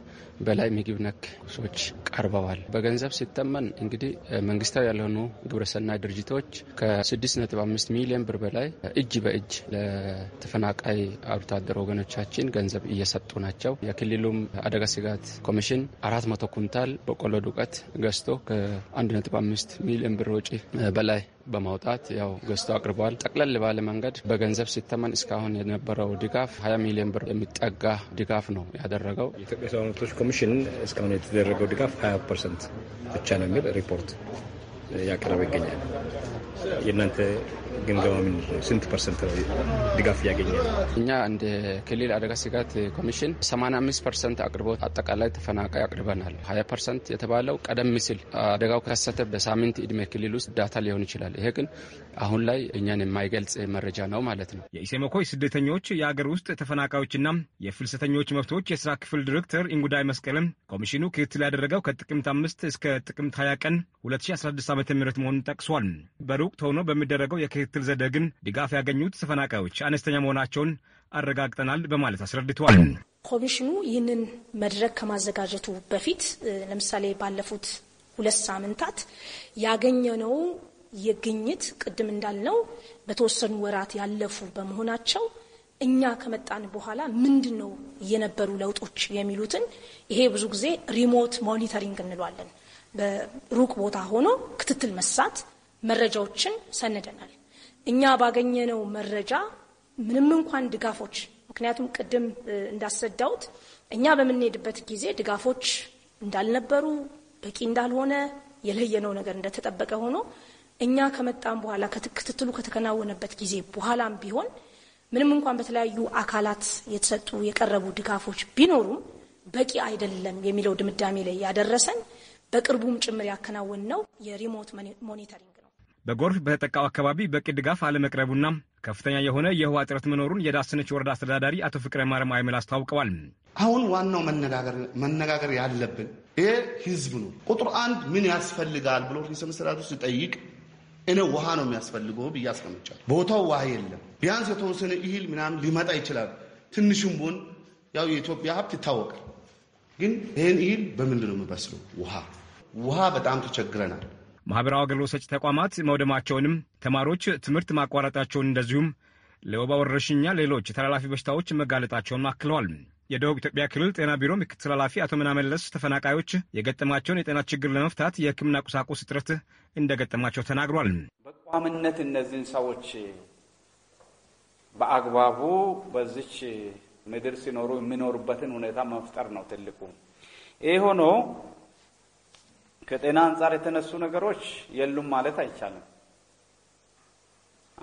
በላይ ምግብ ነክ ቁሶች ቀርበዋል። በገንዘብ ሲተመን እንግዲህ መንግስታዊ ያልሆኑ ግብረሰናይ ድርጅቶች ከ6.5 ሚሊዮን ብር በላይ እጅ በእጅ ለተፈናቃይ አርብቶ አደር ወገኖቻችን ገንዘብ እየሰጡ ናቸው። የክልሉም አደጋ ስጋት ኮሚሽን 400 ኩንታል በቆሎ ዱቄት ገዝቶ ከ1.5 ሚሊዮን ብር ወጪ በላይ በማውጣት ያው ገዝቶ አቅርበዋል። ጠቅለል ባለ መንገድ በገንዘብ ሲተመን እስካሁን የነበረው ድጋፍ 20 ሚሊዮን ብር የሚጠጋ ድጋፍ ነው ያደረገው። የኢትዮጵያ ሰብአዊ መብቶች ኮሚሽን እስካሁን የተደረገው ድጋፍ 20 ፐርሰንት ብቻ ነው የሚል ሪፖርት ያቀረበ ይገኛል። የእናንተ ግምገማ ምንድን ነው? ስንት ፐርሰንት ድጋፍ እያገኘ እኛ እንደ ክልል አደጋ ስጋት ኮሚሽን 85 ፐርሰንት አቅርቦት አጠቃላይ ተፈናቃይ አቅርበናል። 20 ፐርሰንት የተባለው ቀደም ሲል አደጋው ከሰተ በሳምንት እድሜ ክልል ውስጥ ዳታ ሊሆን ይችላል። ይሄ ግን አሁን ላይ እኛን የማይገልጽ መረጃ ነው ማለት ነው። የኢሰመኮ ስደተኞች የአገር ውስጥ ተፈናቃዮችና የፍልሰተኞች መብቶች የስራ ክፍል ዲሬክተር ኢንጉዳይ መስቀልም ኮሚሽኑ ክትትል ያደረገው ከጥቅምት አምስት እስከ ጥቅምት 20 ቀን 2016 ዓ ም መሆኑን ጠቅሷል። በሩቅ ተሆኖ በሚደረገው የክት ምክትል ዘዴ ግን ድጋፍ ያገኙት ተፈናቃዮች አነስተኛ መሆናቸውን አረጋግጠናል በማለት አስረድተዋል። ኮሚሽኑ ይህንን መድረክ ከማዘጋጀቱ በፊት ለምሳሌ ባለፉት ሁለት ሳምንታት ያገኘነው የግኝት ቅድም እንዳልነው በተወሰኑ ወራት ያለፉ በመሆናቸው እኛ ከመጣን በኋላ ምንድን ነው የነበሩ ለውጦች የሚሉትን ይሄ ብዙ ጊዜ ሪሞት ሞኒተሪንግ እንለዋለን። በሩቅ ቦታ ሆኖ ክትትል መሳት መረጃዎችን ሰንደናል። እኛ ባገኘነው መረጃ ምንም እንኳን ድጋፎች ምክንያቱም ቅድም እንዳስረዳሁት እኛ በምንሄድበት ጊዜ ድጋፎች እንዳልነበሩ በቂ እንዳልሆነ የለየነው ነገር እንደተጠበቀ ሆኖ እኛ ከመጣም በኋላ ክትትሉ ከተከናወነበት ጊዜ በኋላም ቢሆን ምንም እንኳን በተለያዩ አካላት የተሰጡ የቀረቡ ድጋፎች ቢኖሩም በቂ አይደለም የሚለው ድምዳሜ ላይ ያደረሰን በቅርቡም ጭምር ያከናወን ነው የሪሞት ሞኒተሪንግ በጎርፍ በተጠቃው አካባቢ በቂ ድጋፍ አለመቅረቡና ከፍተኛ የሆነ የውሃ እጥረት መኖሩን የዳሰነች ወረዳ አስተዳዳሪ አቶ ፍቅረ ማርያም አይምል አስታውቀዋል። አሁን ዋናው መነጋገር ያለብን ይሄ ህዝብ ነው። ቁጥር አንድ ምን ያስፈልጋል ብሎ ርዕሰ መስተዳድሩ ሲጠይቅ እኔ ውሃ ነው የሚያስፈልገው ብዬ አስቀምጫል። ቦታው ውሃ የለም። ቢያንስ የተወሰነ እህል ምናምን ሊመጣ ይችላል። ትንሽም ቢሆን ያው የኢትዮጵያ ሀብት ይታወቃል። ግን ይህን እህል በምንድን ነው የሚበስለው? ውሃ ውሃ በጣም ተቸግረናል። ማህበራዊ አገልግሎት ሰጪ ተቋማት መውደማቸውንም፣ ተማሪዎች ትምህርት ማቋረጣቸውን፣ እንደዚሁም ለወባ ወረርሽኛ ሌሎች ተላላፊ በሽታዎች መጋለጣቸውን አክለዋል። የደቡብ ኢትዮጵያ ክልል ጤና ቢሮ ምክትል ኃላፊ አቶ ምናመለስ ተፈናቃዮች የገጠማቸውን የጤና ችግር ለመፍታት የሕክምና ቁሳቁስ እጥረት እንደገጠማቸው ተናግሯል። በቋምነት እነዚህን ሰዎች በአግባቡ በዚች ምድር ሲኖሩ የሚኖሩበትን ሁኔታ መፍጠር ነው ትልቁ። ይህ ሆኖ ከጤና አንጻር የተነሱ ነገሮች የሉም ማለት አይቻልም።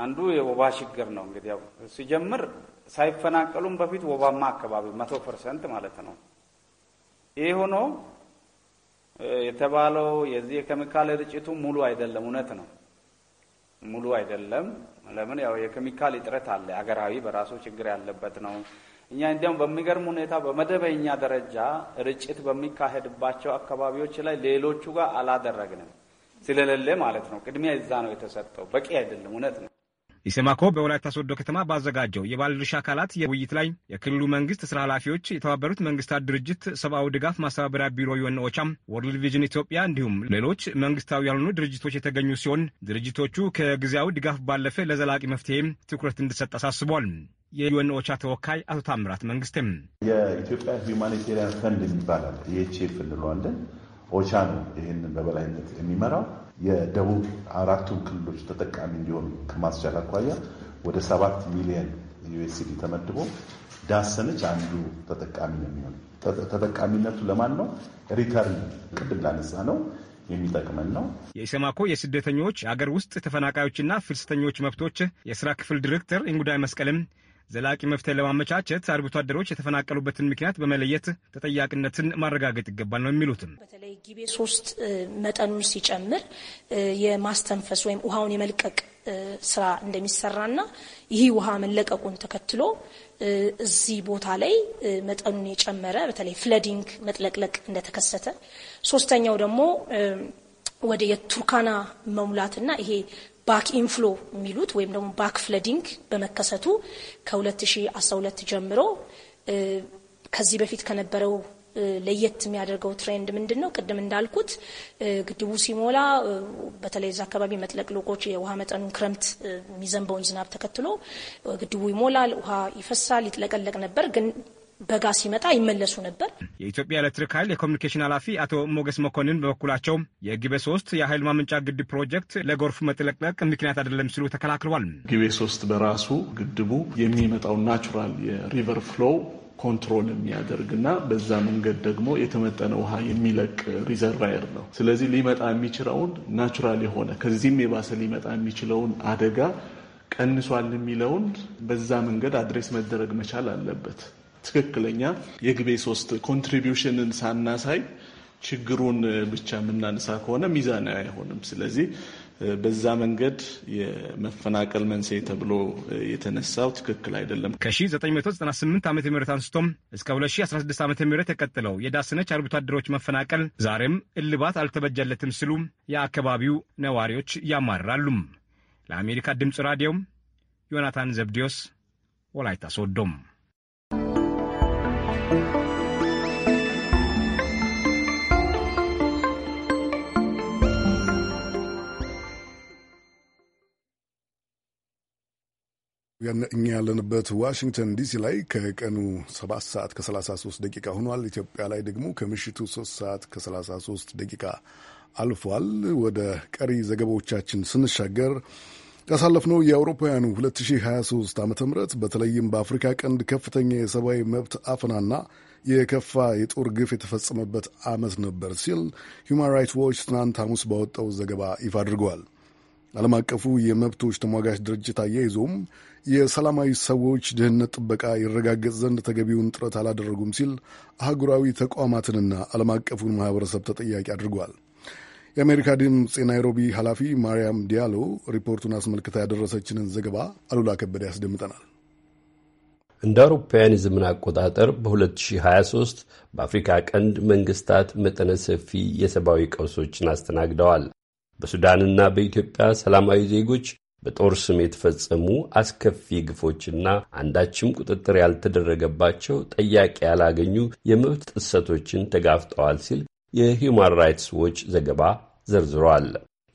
አንዱ የወባ ችግር ነው። እንግዲህ ያው ሲጀምር ሳይፈናቀሉም በፊት ወባማ አካባቢ መቶ ፐርሰንት ማለት ነው። ይህ ሆኖ የተባለው የዚህ የኬሚካል ርጭቱ ሙሉ አይደለም። እውነት ነው፣ ሙሉ አይደለም። ለምን ያው የኬሚካል እጥረት አለ። አገራዊ በራሱ ችግር ያለበት ነው። እኛ እንዲያውም በሚገርም ሁኔታ በመደበኛ ደረጃ ርጭት በሚካሄድባቸው አካባቢዎች ላይ ሌሎቹ ጋር አላደረግንም፣ ስለሌለ ማለት ነው። ቅድሚያ እዛ ነው የተሰጠው። በቂ አይደለም፣ እውነት ነው። ኢሰማኮ በወላይታ ሶዶ ከተማ ባዘጋጀው የባለድርሻ አካላት የውይይት ላይ የክልሉ መንግስት ስራ ኃላፊዎች፣ የተባበሩት መንግስታት ድርጅት ሰብአዊ ድጋፍ ማስተባበሪያ ቢሮ ዩኤን ኦቻም፣ ወርልድ ቪዥን ኢትዮጵያ እንዲሁም ሌሎች መንግስታዊ ያልሆኑ ድርጅቶች የተገኙ ሲሆን ድርጅቶቹ ከጊዜያዊ ድጋፍ ባለፈ ለዘላቂ መፍትሄም ትኩረት እንዲሰጥ አሳስቧል። የዩኤን ኦቻ ተወካይ አቶ ታምራት መንግስትም የኢትዮጵያ ሂውማኒቴሪያን ፈንድ የሚባላል የቼፍ እንለዋለን። ኦቻ ነው ይህንን በበላይነት የሚመራው የደቡብ አራቱን ክልሎች ተጠቃሚ እንዲሆኑ ከማስቻል አኳያ ወደ ሰባት ሚሊየን ዩኤስዲ ተመድቦ ዳሰነች አንዱ ተጠቃሚ ነው የሚሆነው። ተጠቃሚነቱ ለማን ነው? ሪተርን ቅድም ላነሳ ነው የሚጠቅመን ነው። የኢሰማኮ የስደተኞች አገር ውስጥ ተፈናቃዮችና ፍልሰተኞች መብቶች የስራ ክፍል ዲሬክተር እንጉዳይ መስቀልም ዘላቂ መፍትሄ ለማመቻቸት አርብቶ አደሮች የተፈናቀሉበትን ምክንያት በመለየት ተጠያቂነትን ማረጋገጥ ይገባል ነው የሚሉትም። በተለይ ጊቤ ሶስት መጠኑን ሲጨምር የማስተንፈስ ወይም ውሃውን የመልቀቅ ስራ እንደሚሰራና ይህ ውሃ መለቀቁን ተከትሎ እዚህ ቦታ ላይ መጠኑን የጨመረ በተለይ ፍለዲንግ መጥለቅለቅ እንደተከሰተ፣ ሶስተኛው ደግሞ ወደ የቱርካና መሙላትና ይሄ ባክ ኢንፍሎ የሚሉት ወይም ደግሞ ባክ ፍለዲንግ በመከሰቱ ከ2012 ጀምሮ ከዚህ በፊት ከነበረው ለየት የሚያደርገው ትሬንድ ምንድን ነው? ቅድም እንዳልኩት ግድቡ ሲሞላ በተለይ እዛ አካባቢ መጥለቅልቆች የውሃ መጠኑን ክረምት የሚዘንበውን ዝናብ ተከትሎ ግድቡ ይሞላል፣ ውሃ ይፈሳል፣ ይጥለቀለቅ ነበር። ግን በጋ ሲመጣ ይመለሱ ነበር። የኢትዮጵያ ኤሌክትሪክ ኃይል የኮሚኒኬሽን ኃላፊ አቶ ሞገስ መኮንን በበኩላቸው የግቤ ሶስት የኃይል ማመንጫ ግድብ ፕሮጀክት ለጎርፍ መጥለቅለቅ ምክንያት አይደለም ሲሉ ተከላክለዋል። ግቤ ሶስት በራሱ ግድቡ የሚመጣው ናቹራል የሪቨር ፍሎው ኮንትሮል የሚያደርግ በዛ መንገድ ደግሞ የተመጠነ ውሃ የሚለቅ ሪዘርቫየር ነው። ስለዚህ ሊመጣ የሚችለውን ናቹራል የሆነ ከዚህም የባሰ ሊመጣ የሚችለውን አደጋ ቀንሷል የሚለውን በዛ መንገድ አድሬስ መደረግ መቻል አለበት። ትክክለኛ የግቤ ሶስት ኮንትሪቢሽንን ሳናሳይ ችግሩን ብቻ የምናነሳ ከሆነ ሚዛናዊ አይሆንም። ስለዚህ በዛ መንገድ የመፈናቀል መንስኤ ተብሎ የተነሳው ትክክል አይደለም። ከ1998 ዓ ም አንስቶም እስከ 2016 ዓ ም የቀጠለው የዳስነች አርብቶ አደሮች መፈናቀል ዛሬም እልባት አልተበጀለትም ሲሉ የአካባቢው ነዋሪዎች ያማራሉ። ለአሜሪካ ድምፅ ራዲዮም ዮናታን ዘብዲዮስ ወላይታ ሶዶም እኛ ያለንበት ዋሽንግተን ዲሲ ላይ ከቀኑ 7 ሰዓት ከ33 ደቂቃ ሆኗል። ኢትዮጵያ ላይ ደግሞ ከምሽቱ 3 ሰዓት ከ33 ደቂቃ አልፏል። ወደ ቀሪ ዘገባዎቻችን ስንሻገር ያሳለፍነው የአውሮፓውያኑ 2023 ዓ ም በተለይም በአፍሪካ ቀንድ ከፍተኛ የሰብአዊ መብት አፈናና የከፋ የጦር ግፍ የተፈጸመበት ዓመት ነበር ሲል ሁማን ራይትስ ዎች ትናንት ሐሙስ ባወጣው ዘገባ ይፋ አድርገዋል። ዓለም አቀፉ የመብቶች ተሟጋች ድርጅት አያይዞም የሰላማዊ ሰዎች ደህንነት ጥበቃ ይረጋገጥ ዘንድ ተገቢውን ጥረት አላደረጉም ሲል አህጉራዊ ተቋማትንና ዓለም አቀፉን ማህበረሰብ ተጠያቂ አድርጓል። የአሜሪካ ድምፅ የናይሮቢ ኃላፊ ማርያም ዲያሎ ሪፖርቱን አስመልክታ ያደረሰችንን ዘገባ አሉላ ከበደ ያስደምጠናል። እንደ አውሮፓውያን የዘመን አቆጣጠር በ2023 በአፍሪካ ቀንድ መንግስታት መጠነ ሰፊ የሰብአዊ ቀውሶችን አስተናግደዋል። በሱዳንና በኢትዮጵያ ሰላማዊ ዜጎች በጦር ስም የተፈጸሙ አስከፊ ግፎችና አንዳችም ቁጥጥር ያልተደረገባቸው ጠያቂ ያላገኙ የመብት ጥሰቶችን ተጋፍጠዋል ሲል የሂውማን ራይትስ ዎች ዘገባ ዘርዝሯል።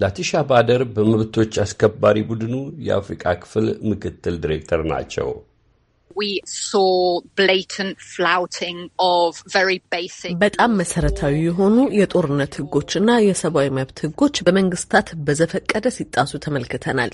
ላቲሻ ባደር በመብቶች አስከባሪ ቡድኑ የአፍሪቃ ክፍል ምክትል ዲሬክተር ናቸው። በጣም መሰረታዊ የሆኑ የጦርነት ህጎች እና የሰብአዊ መብት ህጎች በመንግስታት በዘፈቀደ ሲጣሱ ተመልክተናል።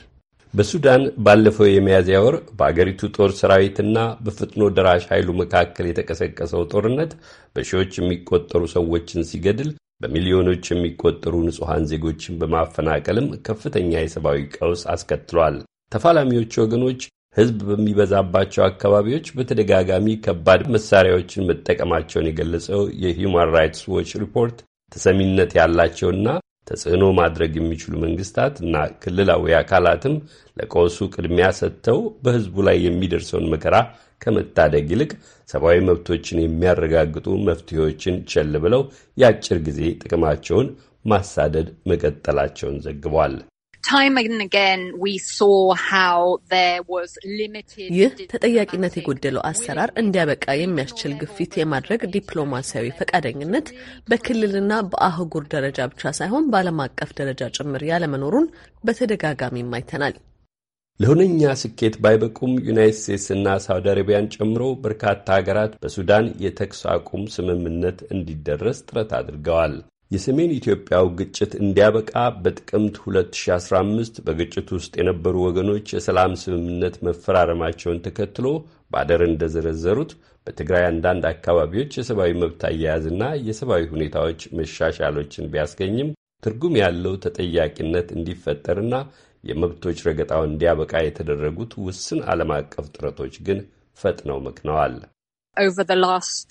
በሱዳን ባለፈው የሚያዝያ ወር በአገሪቱ ጦር ሰራዊትና በፍጥኖ ደራሽ ኃይሉ መካከል የተቀሰቀሰው ጦርነት በሺዎች የሚቆጠሩ ሰዎችን ሲገድል በሚሊዮኖች የሚቆጠሩ ንጹሐን ዜጎችን በማፈናቀልም ከፍተኛ የሰብአዊ ቀውስ አስከትሏል። ተፋላሚዎቹ ወገኖች ሕዝብ በሚበዛባቸው አካባቢዎች በተደጋጋሚ ከባድ መሳሪያዎችን መጠቀማቸውን የገለጸው የሂውማን ራይትስ ዎች ሪፖርት ተሰሚነት ያላቸውና ተጽዕኖ ማድረግ የሚችሉ መንግስታት እና ክልላዊ አካላትም ለቀውሱ ቅድሚያ ሰጥተው በሕዝቡ ላይ የሚደርሰውን መከራ ከመታደግ ይልቅ ሰብአዊ መብቶችን የሚያረጋግጡ መፍትሄዎችን ቸል ብለው የአጭር ጊዜ ጥቅማቸውን ማሳደድ መቀጠላቸውን ዘግቧል። ይህ ተጠያቂነት የጎደለው አሰራር እንዲያበቃ የሚያስችል ግፊት የማድረግ ዲፕሎማሲያዊ ፈቃደኝነት በክልልና በአህጉር ደረጃ ብቻ ሳይሆን በዓለም አቀፍ ደረጃ ጭምር ያለመኖሩን በተደጋጋሚ ማይተናል። ለሁነኛ ስኬት ባይበቁም ዩናይት ና ሳውዲ አረቢያን ጨምሮ በርካታ ሀገራት በሱዳን የተኩስ አቁም ስምምነት እንዲደረስ ጥረት አድርገዋል። የሰሜን ኢትዮጵያው ግጭት እንዲያበቃ በጥቅምት 2015 በግጭት ውስጥ የነበሩ ወገኖች የሰላም ስምምነት መፈራረማቸውን ተከትሎ ባደር እንደዘረዘሩት በትግራይ አንዳንድ አካባቢዎች የሰብአዊ መብት አያያዝና የሰብአዊ ሁኔታዎች መሻሻሎችን ቢያስገኝም ትርጉም ያለው ተጠያቂነት እንዲፈጠርና የመብቶች ረገጣው እንዲያበቃ የተደረጉት ውስን ዓለም አቀፍ ጥረቶች ግን ፈጥነው መክነዋል። um,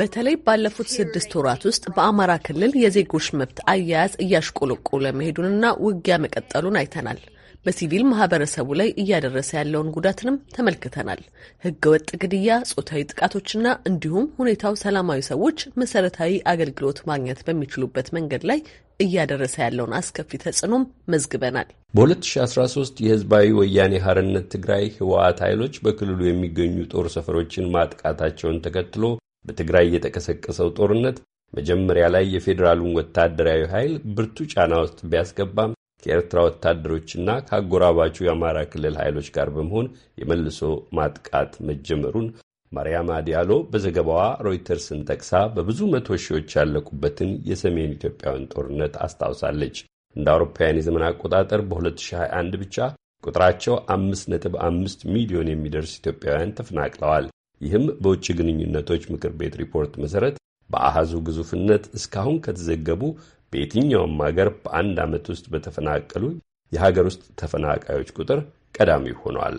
በተለይ ባለፉት ስድስት ወራት ውስጥ በአማራ ክልል የዜጎች መብት አያያዝ እያሽቆለቆለ መሄዱንና ውጊያ መቀጠሉን አይተናል። በሲቪል ማህበረሰቡ ላይ እያደረሰ ያለውን ጉዳትንም ተመልክተናል። ህገወጥ ግድያ፣ ጾታዊ ጥቃቶችና እንዲሁም ሁኔታው ሰላማዊ ሰዎች መሰረታዊ አገልግሎት ማግኘት በሚችሉበት መንገድ ላይ እያደረሰ ያለውን አስከፊ ተጽዕኖም መዝግበናል። በ2013 የህዝባዊ ወያኔ ሀርነት ትግራይ ህወሓት ኃይሎች በክልሉ የሚገኙ ጦር ሰፈሮችን ማጥቃታቸውን ተከትሎ በትግራይ የተቀሰቀሰው ጦርነት መጀመሪያ ላይ የፌዴራሉን ወታደራዊ ኃይል ብርቱ ጫና ውስጥ ቢያስገባም ከኤርትራ ወታደሮችና ከአጎራባቹ የአማራ ክልል ኃይሎች ጋር በመሆን የመልሶ ማጥቃት መጀመሩን ማርያማ ዲያሎ በዘገባዋ ሮይተርስን ጠቅሳ በብዙ መቶ ሺዎች ያለቁበትን የሰሜን ኢትዮጵያውን ጦርነት አስታውሳለች። እንደ አውሮፓውያን የዘመን አቆጣጠር በ2021 ብቻ ቁጥራቸው 5.5 ሚሊዮን የሚደርስ ኢትዮጵያውያን ተፈናቅለዋል። ይህም በውጭ ግንኙነቶች ምክር ቤት ሪፖርት መሠረት በአሃዙ ግዙፍነት እስካሁን ከተዘገቡ በየትኛውም ሀገር በአንድ ዓመት ውስጥ በተፈናቀሉ የሀገር ውስጥ ተፈናቃዮች ቁጥር ቀዳሚ ሆኗል።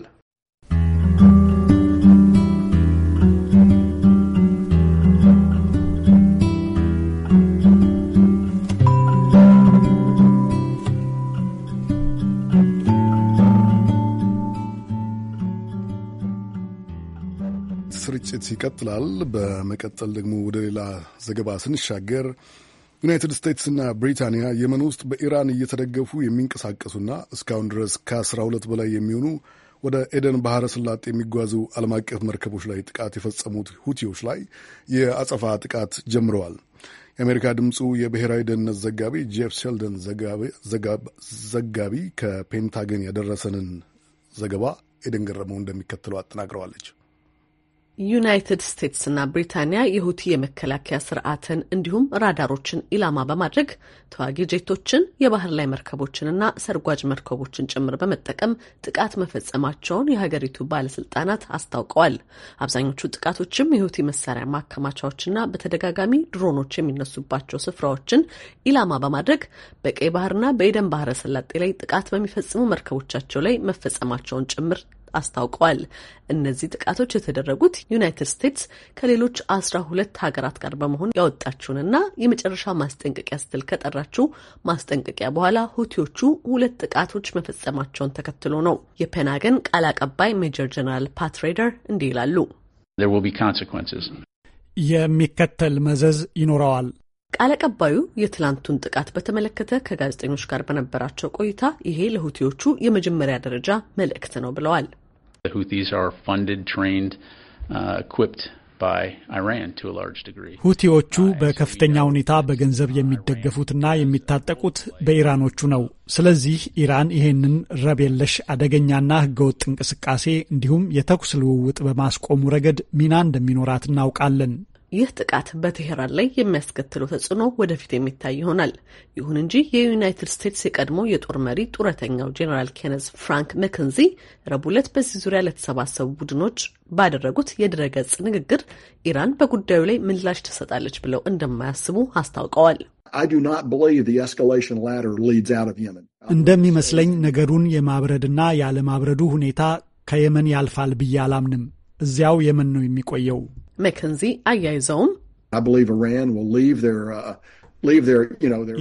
ስርጭት ይቀጥላል። በመቀጠል ደግሞ ወደ ሌላ ዘገባ ስንሻገር ዩናይትድ ስቴትስና ብሪታንያ የመን ውስጥ በኢራን እየተደገፉ የሚንቀሳቀሱና እስካሁን ድረስ ከ12 በላይ የሚሆኑ ወደ ኤደን ባህረ ሰላጤ የሚጓዙ ዓለም አቀፍ መርከቦች ላይ ጥቃት የፈጸሙት ሁቲዎች ላይ የአጸፋ ጥቃት ጀምረዋል። የአሜሪካ ድምፁ የብሔራዊ ደህንነት ዘጋቢ ጄፍ ሸልደን ዘጋቢ ከፔንታገን ያደረሰንን ዘገባ ኤደን ገረመው እንደሚከተለው አጠናቅረዋለች። ዩናይትድ ስቴትስና ብሪታንያ የሁቲ የመከላከያ ስርዓትን እንዲሁም ራዳሮችን ኢላማ በማድረግ ተዋጊ ጄቶችን፣ የባህር ላይ መርከቦችንና ሰርጓጅ መርከቦችን ጭምር በመጠቀም ጥቃት መፈጸማቸውን የሀገሪቱ ባለስልጣናት አስታውቀዋል። አብዛኞቹ ጥቃቶችም የሁቲ መሳሪያ ማከማቻዎችና በተደጋጋሚ ድሮኖች የሚነሱባቸው ስፍራዎችን ኢላማ በማድረግ በቀይ ባህርና በኤደን ባህረ ሰላጤ ላይ ጥቃት በሚፈጽሙ መርከቦቻቸው ላይ መፈጸማቸውን ጭምር አስታውቀዋል። እነዚህ ጥቃቶች የተደረጉት ዩናይትድ ስቴትስ ከሌሎች አስራ ሁለት ሀገራት ጋር በመሆን ያወጣችውንና የመጨረሻ ማስጠንቀቂያ ስትል ከጠራችው ማስጠንቀቂያ በኋላ ሁቲዎቹ ሁለት ጥቃቶች መፈጸማቸውን ተከትሎ ነው። የፔናገን ቃል አቀባይ ሜጀር ጀነራል ፓት ሬደር እንዲህ ይላሉ። የሚከተል መዘዝ ይኖረዋል። ቃል አቀባዩ የትላንቱን ጥቃት በተመለከተ ከጋዜጠኞች ጋር በነበራቸው ቆይታ ይሄ ለሁቲዎቹ የመጀመሪያ ደረጃ መልእክት ነው ብለዋል። The Houthis are funded, trained, uh, equipped ሁቲዎቹ uh, በከፍተኛ ሁኔታ በገንዘብ uh, የሚደገፉትና uh, የሚታጠቁት በኢራኖቹ ነው። ስለዚህ ኢራን ይሄንን ረብ የለሽ አደገኛና ህገወጥ እንቅስቃሴ እንዲሁም የተኩስ ልውውጥ በማስቆሙ ረገድ ሚና እንደሚኖራት እናውቃለን። ይህ ጥቃት በቴሄራን ላይ የሚያስከትለው ተጽዕኖ ወደፊት የሚታይ ይሆናል። ይሁን እንጂ የዩናይትድ ስቴትስ የቀድሞ የጦር መሪ ጡረተኛው ጄኔራል ኬነዝ ፍራንክ መከንዚ ረቡዕ ዕለት በዚህ ዙሪያ ለተሰባሰቡ ቡድኖች ባደረጉት የድረገጽ ንግግር ኢራን በጉዳዩ ላይ ምላሽ ትሰጣለች ብለው እንደማያስቡ አስታውቀዋል። እንደሚመስለኝ ነገሩን የማብረድና ያለማብረዱ ሁኔታ ከየመን ያልፋል ብዬ አላምንም። እዚያው የመን ነው የሚቆየው። መከንዚ አያይዘውም uh,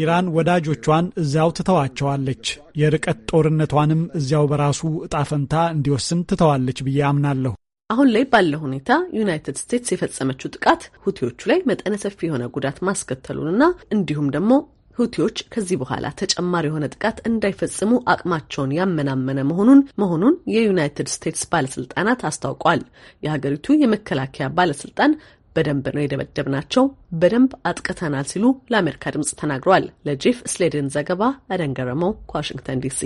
ኢራን ወዳጆቿን እዚያው ትተዋቸዋለች። የርቀት ጦርነቷንም እዚያው በራሱ እጣ ፈንታ እንዲወስን ትተዋለች ብዬ አምናለሁ። አሁን ላይ ባለው ሁኔታ ዩናይትድ ስቴትስ የፈጸመችው ጥቃት ሁቲዎቹ ላይ መጠነ ሰፊ የሆነ ጉዳት ማስከተሉንና እንዲሁም ደግሞ ሁቲዎች ከዚህ በኋላ ተጨማሪ የሆነ ጥቃት እንዳይፈጽሙ አቅማቸውን ያመናመነ መሆኑን መሆኑን የዩናይትድ ስቴትስ ባለስልጣናት አስታውቋል። የሀገሪቱ የመከላከያ ባለስልጣን በደንብ ነው የደበደብናቸው፣ በደንብ አጥቅተናል ሲሉ ለአሜሪካ ድምጽ ተናግሯል። ለጄፍ ስሌደን ዘገባ አደንገረመው ከዋሽንግተን ዲሲ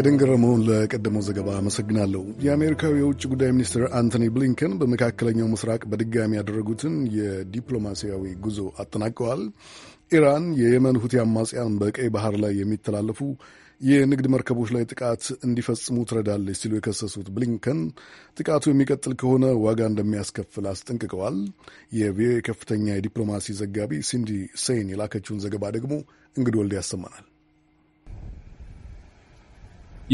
ኤደን ገረመውን ለቀደመው ዘገባ አመሰግናለሁ። የአሜሪካዊ የውጭ ጉዳይ ሚኒስትር አንቶኒ ብሊንከን በመካከለኛው ምስራቅ በድጋሚ ያደረጉትን የዲፕሎማሲያዊ ጉዞ አጠናቀዋል። ኢራን የየመን ሁቲ አማጽያን በቀይ ባህር ላይ የሚተላለፉ የንግድ መርከቦች ላይ ጥቃት እንዲፈጽሙ ትረዳለች ሲሉ የከሰሱት ብሊንከን ጥቃቱ የሚቀጥል ከሆነ ዋጋ እንደሚያስከፍል አስጠንቅቀዋል። የቪኦኤ ከፍተኛ የዲፕሎማሲ ዘጋቢ ሲንዲ ሴይን የላከችውን ዘገባ ደግሞ እንግድ ወልድ ያሰማናል።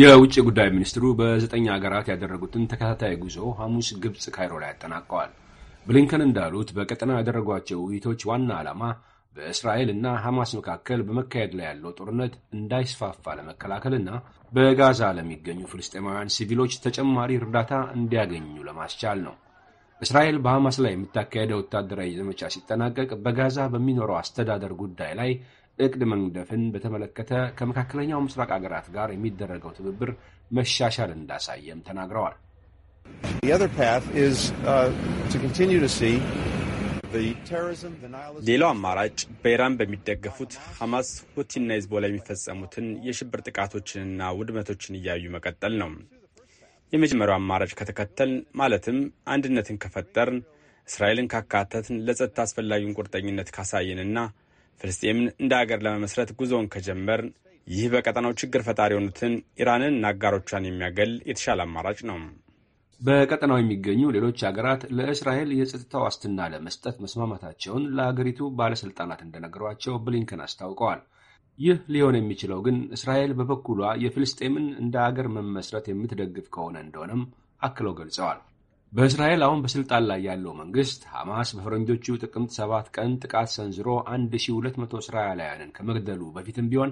የውጭ ጉዳይ ሚኒስትሩ በዘጠኝ አገራት ያደረጉትን ተከታታይ ጉዞ ሐሙስ ግብፅ ካይሮ ላይ አጠናቀዋል። ብሊንከን እንዳሉት በቀጠናው ያደረጓቸው ውይይቶች ዋና ዓላማ በእስራኤል እና ሐማስ መካከል በመካሄድ ላይ ያለው ጦርነት እንዳይስፋፋ ለመከላከልና በጋዛ ለሚገኙ ፍልስጤማውያን ሲቪሎች ተጨማሪ እርዳታ እንዲያገኙ ለማስቻል ነው። እስራኤል በሐማስ ላይ የምታካሄደው ወታደራዊ ዘመቻ ሲጠናቀቅ በጋዛ በሚኖረው አስተዳደር ጉዳይ ላይ እቅድ መንደፍን በተመለከተ ከመካከለኛው ምስራቅ አገራት ጋር የሚደረገው ትብብር መሻሻል እንዳሳየም ተናግረዋል። uh, ሌላው አማራጭ በኢራን በሚደገፉት ሐማስ፣ ሁቲና ሂዝቦላ የሚፈጸሙትን የሽብር ጥቃቶችንና ውድመቶችን እያዩ መቀጠል ነው። የመጀመሪያው አማራጭ ከተከተልን ማለትም አንድነትን ከፈጠርን፣ እስራኤልን ካካተትን፣ ለጸጥታ አስፈላጊውን ቁርጠኝነት ካሳየንና ፍልስጤምን እንደ አገር ለመመስረት ጉዞውን ከጀመር ይህ በቀጠናው ችግር ፈጣሪ የሆኑትን ኢራንንና አጋሮቿን የሚያገል የተሻለ አማራጭ ነው። በቀጠናው የሚገኙ ሌሎች ሀገራት ለእስራኤል የጸጥታ ዋስትና ለመስጠት መስማማታቸውን ለአገሪቱ ባለሥልጣናት እንደነገሯቸው ብሊንከን አስታውቀዋል። ይህ ሊሆን የሚችለው ግን እስራኤል በበኩሏ የፍልስጤምን እንደ አገር መመስረት የምትደግፍ ከሆነ እንደሆነም አክለው ገልጸዋል። በእስራኤል አሁን በስልጣን ላይ ያለው መንግስት ሐማስ በፈረንጆቹ ጥቅምት ሰባት ቀን ጥቃት ሰንዝሮ 1200 እስራኤላውያንን ከመግደሉ በፊትም ቢሆን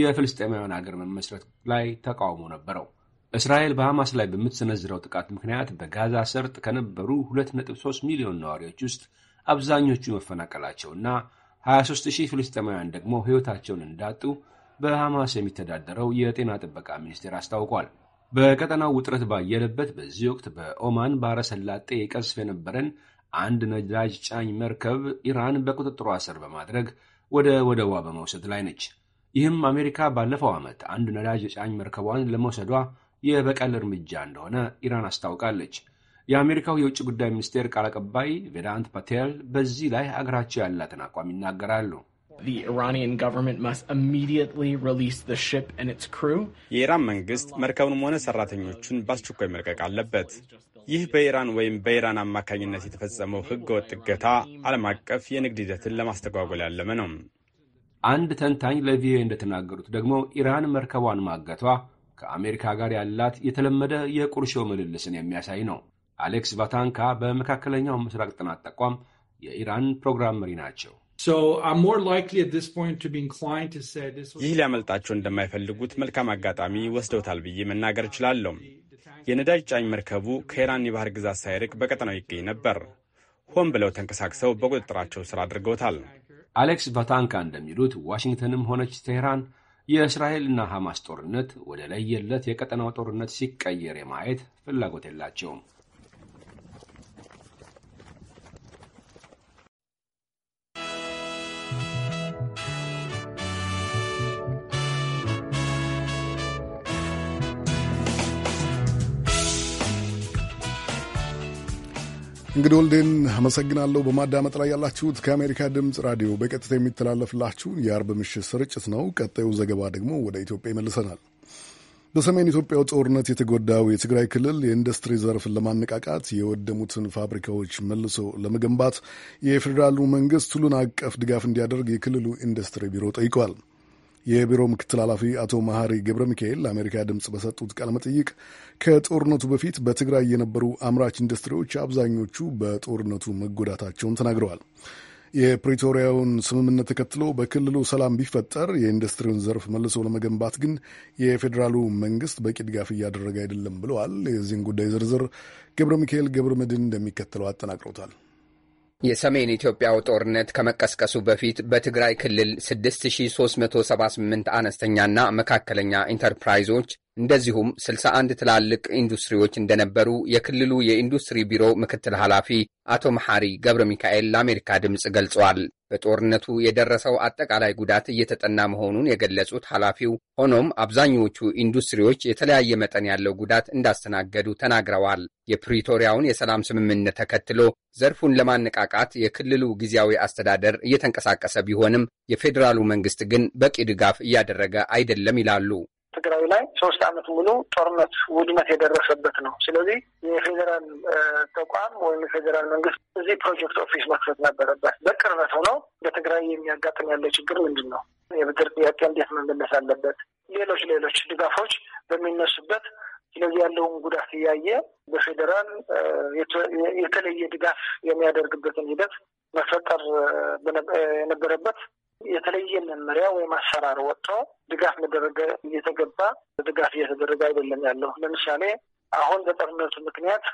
የፍልስጤማውያን አገር መመስረት ላይ ተቃውሞ ነበረው። እስራኤል በሐማስ ላይ በምትሰነዝረው ጥቃት ምክንያት በጋዛ ሰርጥ ከነበሩ 2.3 ሚሊዮን ነዋሪዎች ውስጥ አብዛኞቹ መፈናቀላቸውና 23000 ፍልስጤማውያን ደግሞ ሕይወታቸውን እንዳጡ በሐማስ የሚተዳደረው የጤና ጥበቃ ሚኒስቴር አስታውቋል። በቀጠናው ውጥረት ባየለበት በዚህ ወቅት በኦማን ባሕረ ሰላጤ የነበረን አንድ ነዳጅ ጫኝ መርከብ ኢራን በቁጥጥሯ ስር በማድረግ ወደ ወደቧ በመውሰድ ላይ ነች። ይህም አሜሪካ ባለፈው ዓመት አንድ ነዳጅ ጫኝ መርከቧን ለመውሰዷ የበቀል እርምጃ እንደሆነ ኢራን አስታውቃለች። የአሜሪካው የውጭ ጉዳይ ሚኒስቴር ቃል አቀባይ ቬዳንት ፓቴል በዚህ ላይ አገራቸው ያላትን አቋም ይናገራሉ። የኢራን መንግስት መርከቡንም ሆነ ሰራተኞቹን በአስቸኳይ መልቀቅ አለበት። ይህ በኢራን ወይም በኢራን አማካኝነት የተፈጸመው ወጥ እገታ ዓለም አቀፍ የንግድ ሂደትን ለማስተጓጎል ያለመ ነው። አንድ ተንታኝ ለቪኦኤ እንደተናገሩት ደግሞ ኢራን መርከቧን ማገቷ ከአሜሪካ ጋር ያላት የተለመደ የቁርሾ ምልልስን የሚያሳይ ነው። አሌክስ ባታንካ በመካከለኛው ምስራቅ ጥናት ተቋም የኢራን ፕሮግራም መሪ ናቸው። ይህ ሊያመልጣቸው እንደማይፈልጉት መልካም አጋጣሚ ወስደውታል ብዬ መናገር እችላለሁ። የነዳጅ ጫኝ መርከቡ ከኢራን የባህር ግዛት ሳይርቅ በቀጠናው ይገኝ ነበር። ሆን ብለው ተንቀሳቅሰው በቁጥጥራቸው ስር አድርገውታል። አሌክስ ቫታንካ እንደሚሉት ዋሽንግተንም ሆነች ቴህራን የእስራኤልና ሐማስ ጦርነት ወደ ለየለት የቀጠናው ጦርነት ሲቀየር የማየት ፍላጎት የላቸውም። እንግዲህ ወልዴን አመሰግናለሁ። በማዳመጥ ላይ ያላችሁት ከአሜሪካ ድምፅ ራዲዮ በቀጥታ የሚተላለፍላችሁን የአርብ ምሽት ስርጭት ነው። ቀጣዩ ዘገባ ደግሞ ወደ ኢትዮጵያ ይመልሰናል። በሰሜን ኢትዮጵያው ጦርነት የተጎዳው የትግራይ ክልል የኢንዱስትሪ ዘርፍን ለማነቃቃት የወደሙትን ፋብሪካዎች መልሶ ለመገንባት የፌዴራሉ መንግስት ሁሉን አቀፍ ድጋፍ እንዲያደርግ የክልሉ ኢንዱስትሪ ቢሮ ጠይቋል። የቢሮ ምክትል ኃላፊ አቶ መሐሪ ገብረ ሚካኤል ለአሜሪካ ድምፅ በሰጡት ቃለ መጠይቅ ከጦርነቱ በፊት በትግራይ የነበሩ አምራች ኢንዱስትሪዎች አብዛኞቹ በጦርነቱ መጎዳታቸውን ተናግረዋል። የፕሪቶሪያውን ስምምነት ተከትሎ በክልሉ ሰላም ቢፈጠር የኢንዱስትሪውን ዘርፍ መልሶ ለመገንባት ግን የፌዴራሉ መንግስት በቂ ድጋፍ እያደረገ አይደለም ብለዋል። የዚህን ጉዳይ ዝርዝር ገብረ ሚካኤል ገብረ መድን እንደሚከተለው አጠናቅረውታል። የሰሜን ኢትዮጵያው ጦርነት ከመቀስቀሱ በፊት በትግራይ ክልል 6378 አነስተኛና መካከለኛ ኢንተርፕራይዞች እንደዚሁም 61 ትላልቅ ኢንዱስትሪዎች እንደነበሩ የክልሉ የኢንዱስትሪ ቢሮ ምክትል ኃላፊ አቶ መሐሪ ገብረ ሚካኤል ለአሜሪካ ድምፅ ገልጸዋል። በጦርነቱ የደረሰው አጠቃላይ ጉዳት እየተጠና መሆኑን የገለጹት ኃላፊው፣ ሆኖም አብዛኞቹ ኢንዱስትሪዎች የተለያየ መጠን ያለው ጉዳት እንዳስተናገዱ ተናግረዋል። የፕሪቶሪያውን የሰላም ስምምነት ተከትሎ ዘርፉን ለማነቃቃት የክልሉ ጊዜያዊ አስተዳደር እየተንቀሳቀሰ ቢሆንም የፌዴራሉ መንግስት ግን በቂ ድጋፍ እያደረገ አይደለም ይላሉ። ትግራይ ላይ ሶስት አመት ሙሉ ጦርነት ውድመት የደረሰበት ነው። ስለዚህ የፌዴራል ተቋም ወይም የፌዴራል መንግስት እዚህ ፕሮጀክት ኦፊስ መክፈት ነበረበት። በቅርበት ሆኖ በትግራይ የሚያጋጥም ያለ ችግር ምንድን ነው፣ የብድር ጥያቄ እንዴት መመለስ አለበት፣ ሌሎች ሌሎች ድጋፎች በሚነሱበት ስለዚህ ያለውን ጉዳት እያየ በፌዴራል የተለየ ድጋፍ የሚያደርግበትን ሂደት መፈጠር የነበረበት የተለየ መመሪያ ወይም አሰራር ወጥቶ ድጋፍ መደረገ እየተገባ ድጋፍ እየተደረገ አይደለም ያለው። ለምሳሌ አሁን በጦርነቱ ምክንያት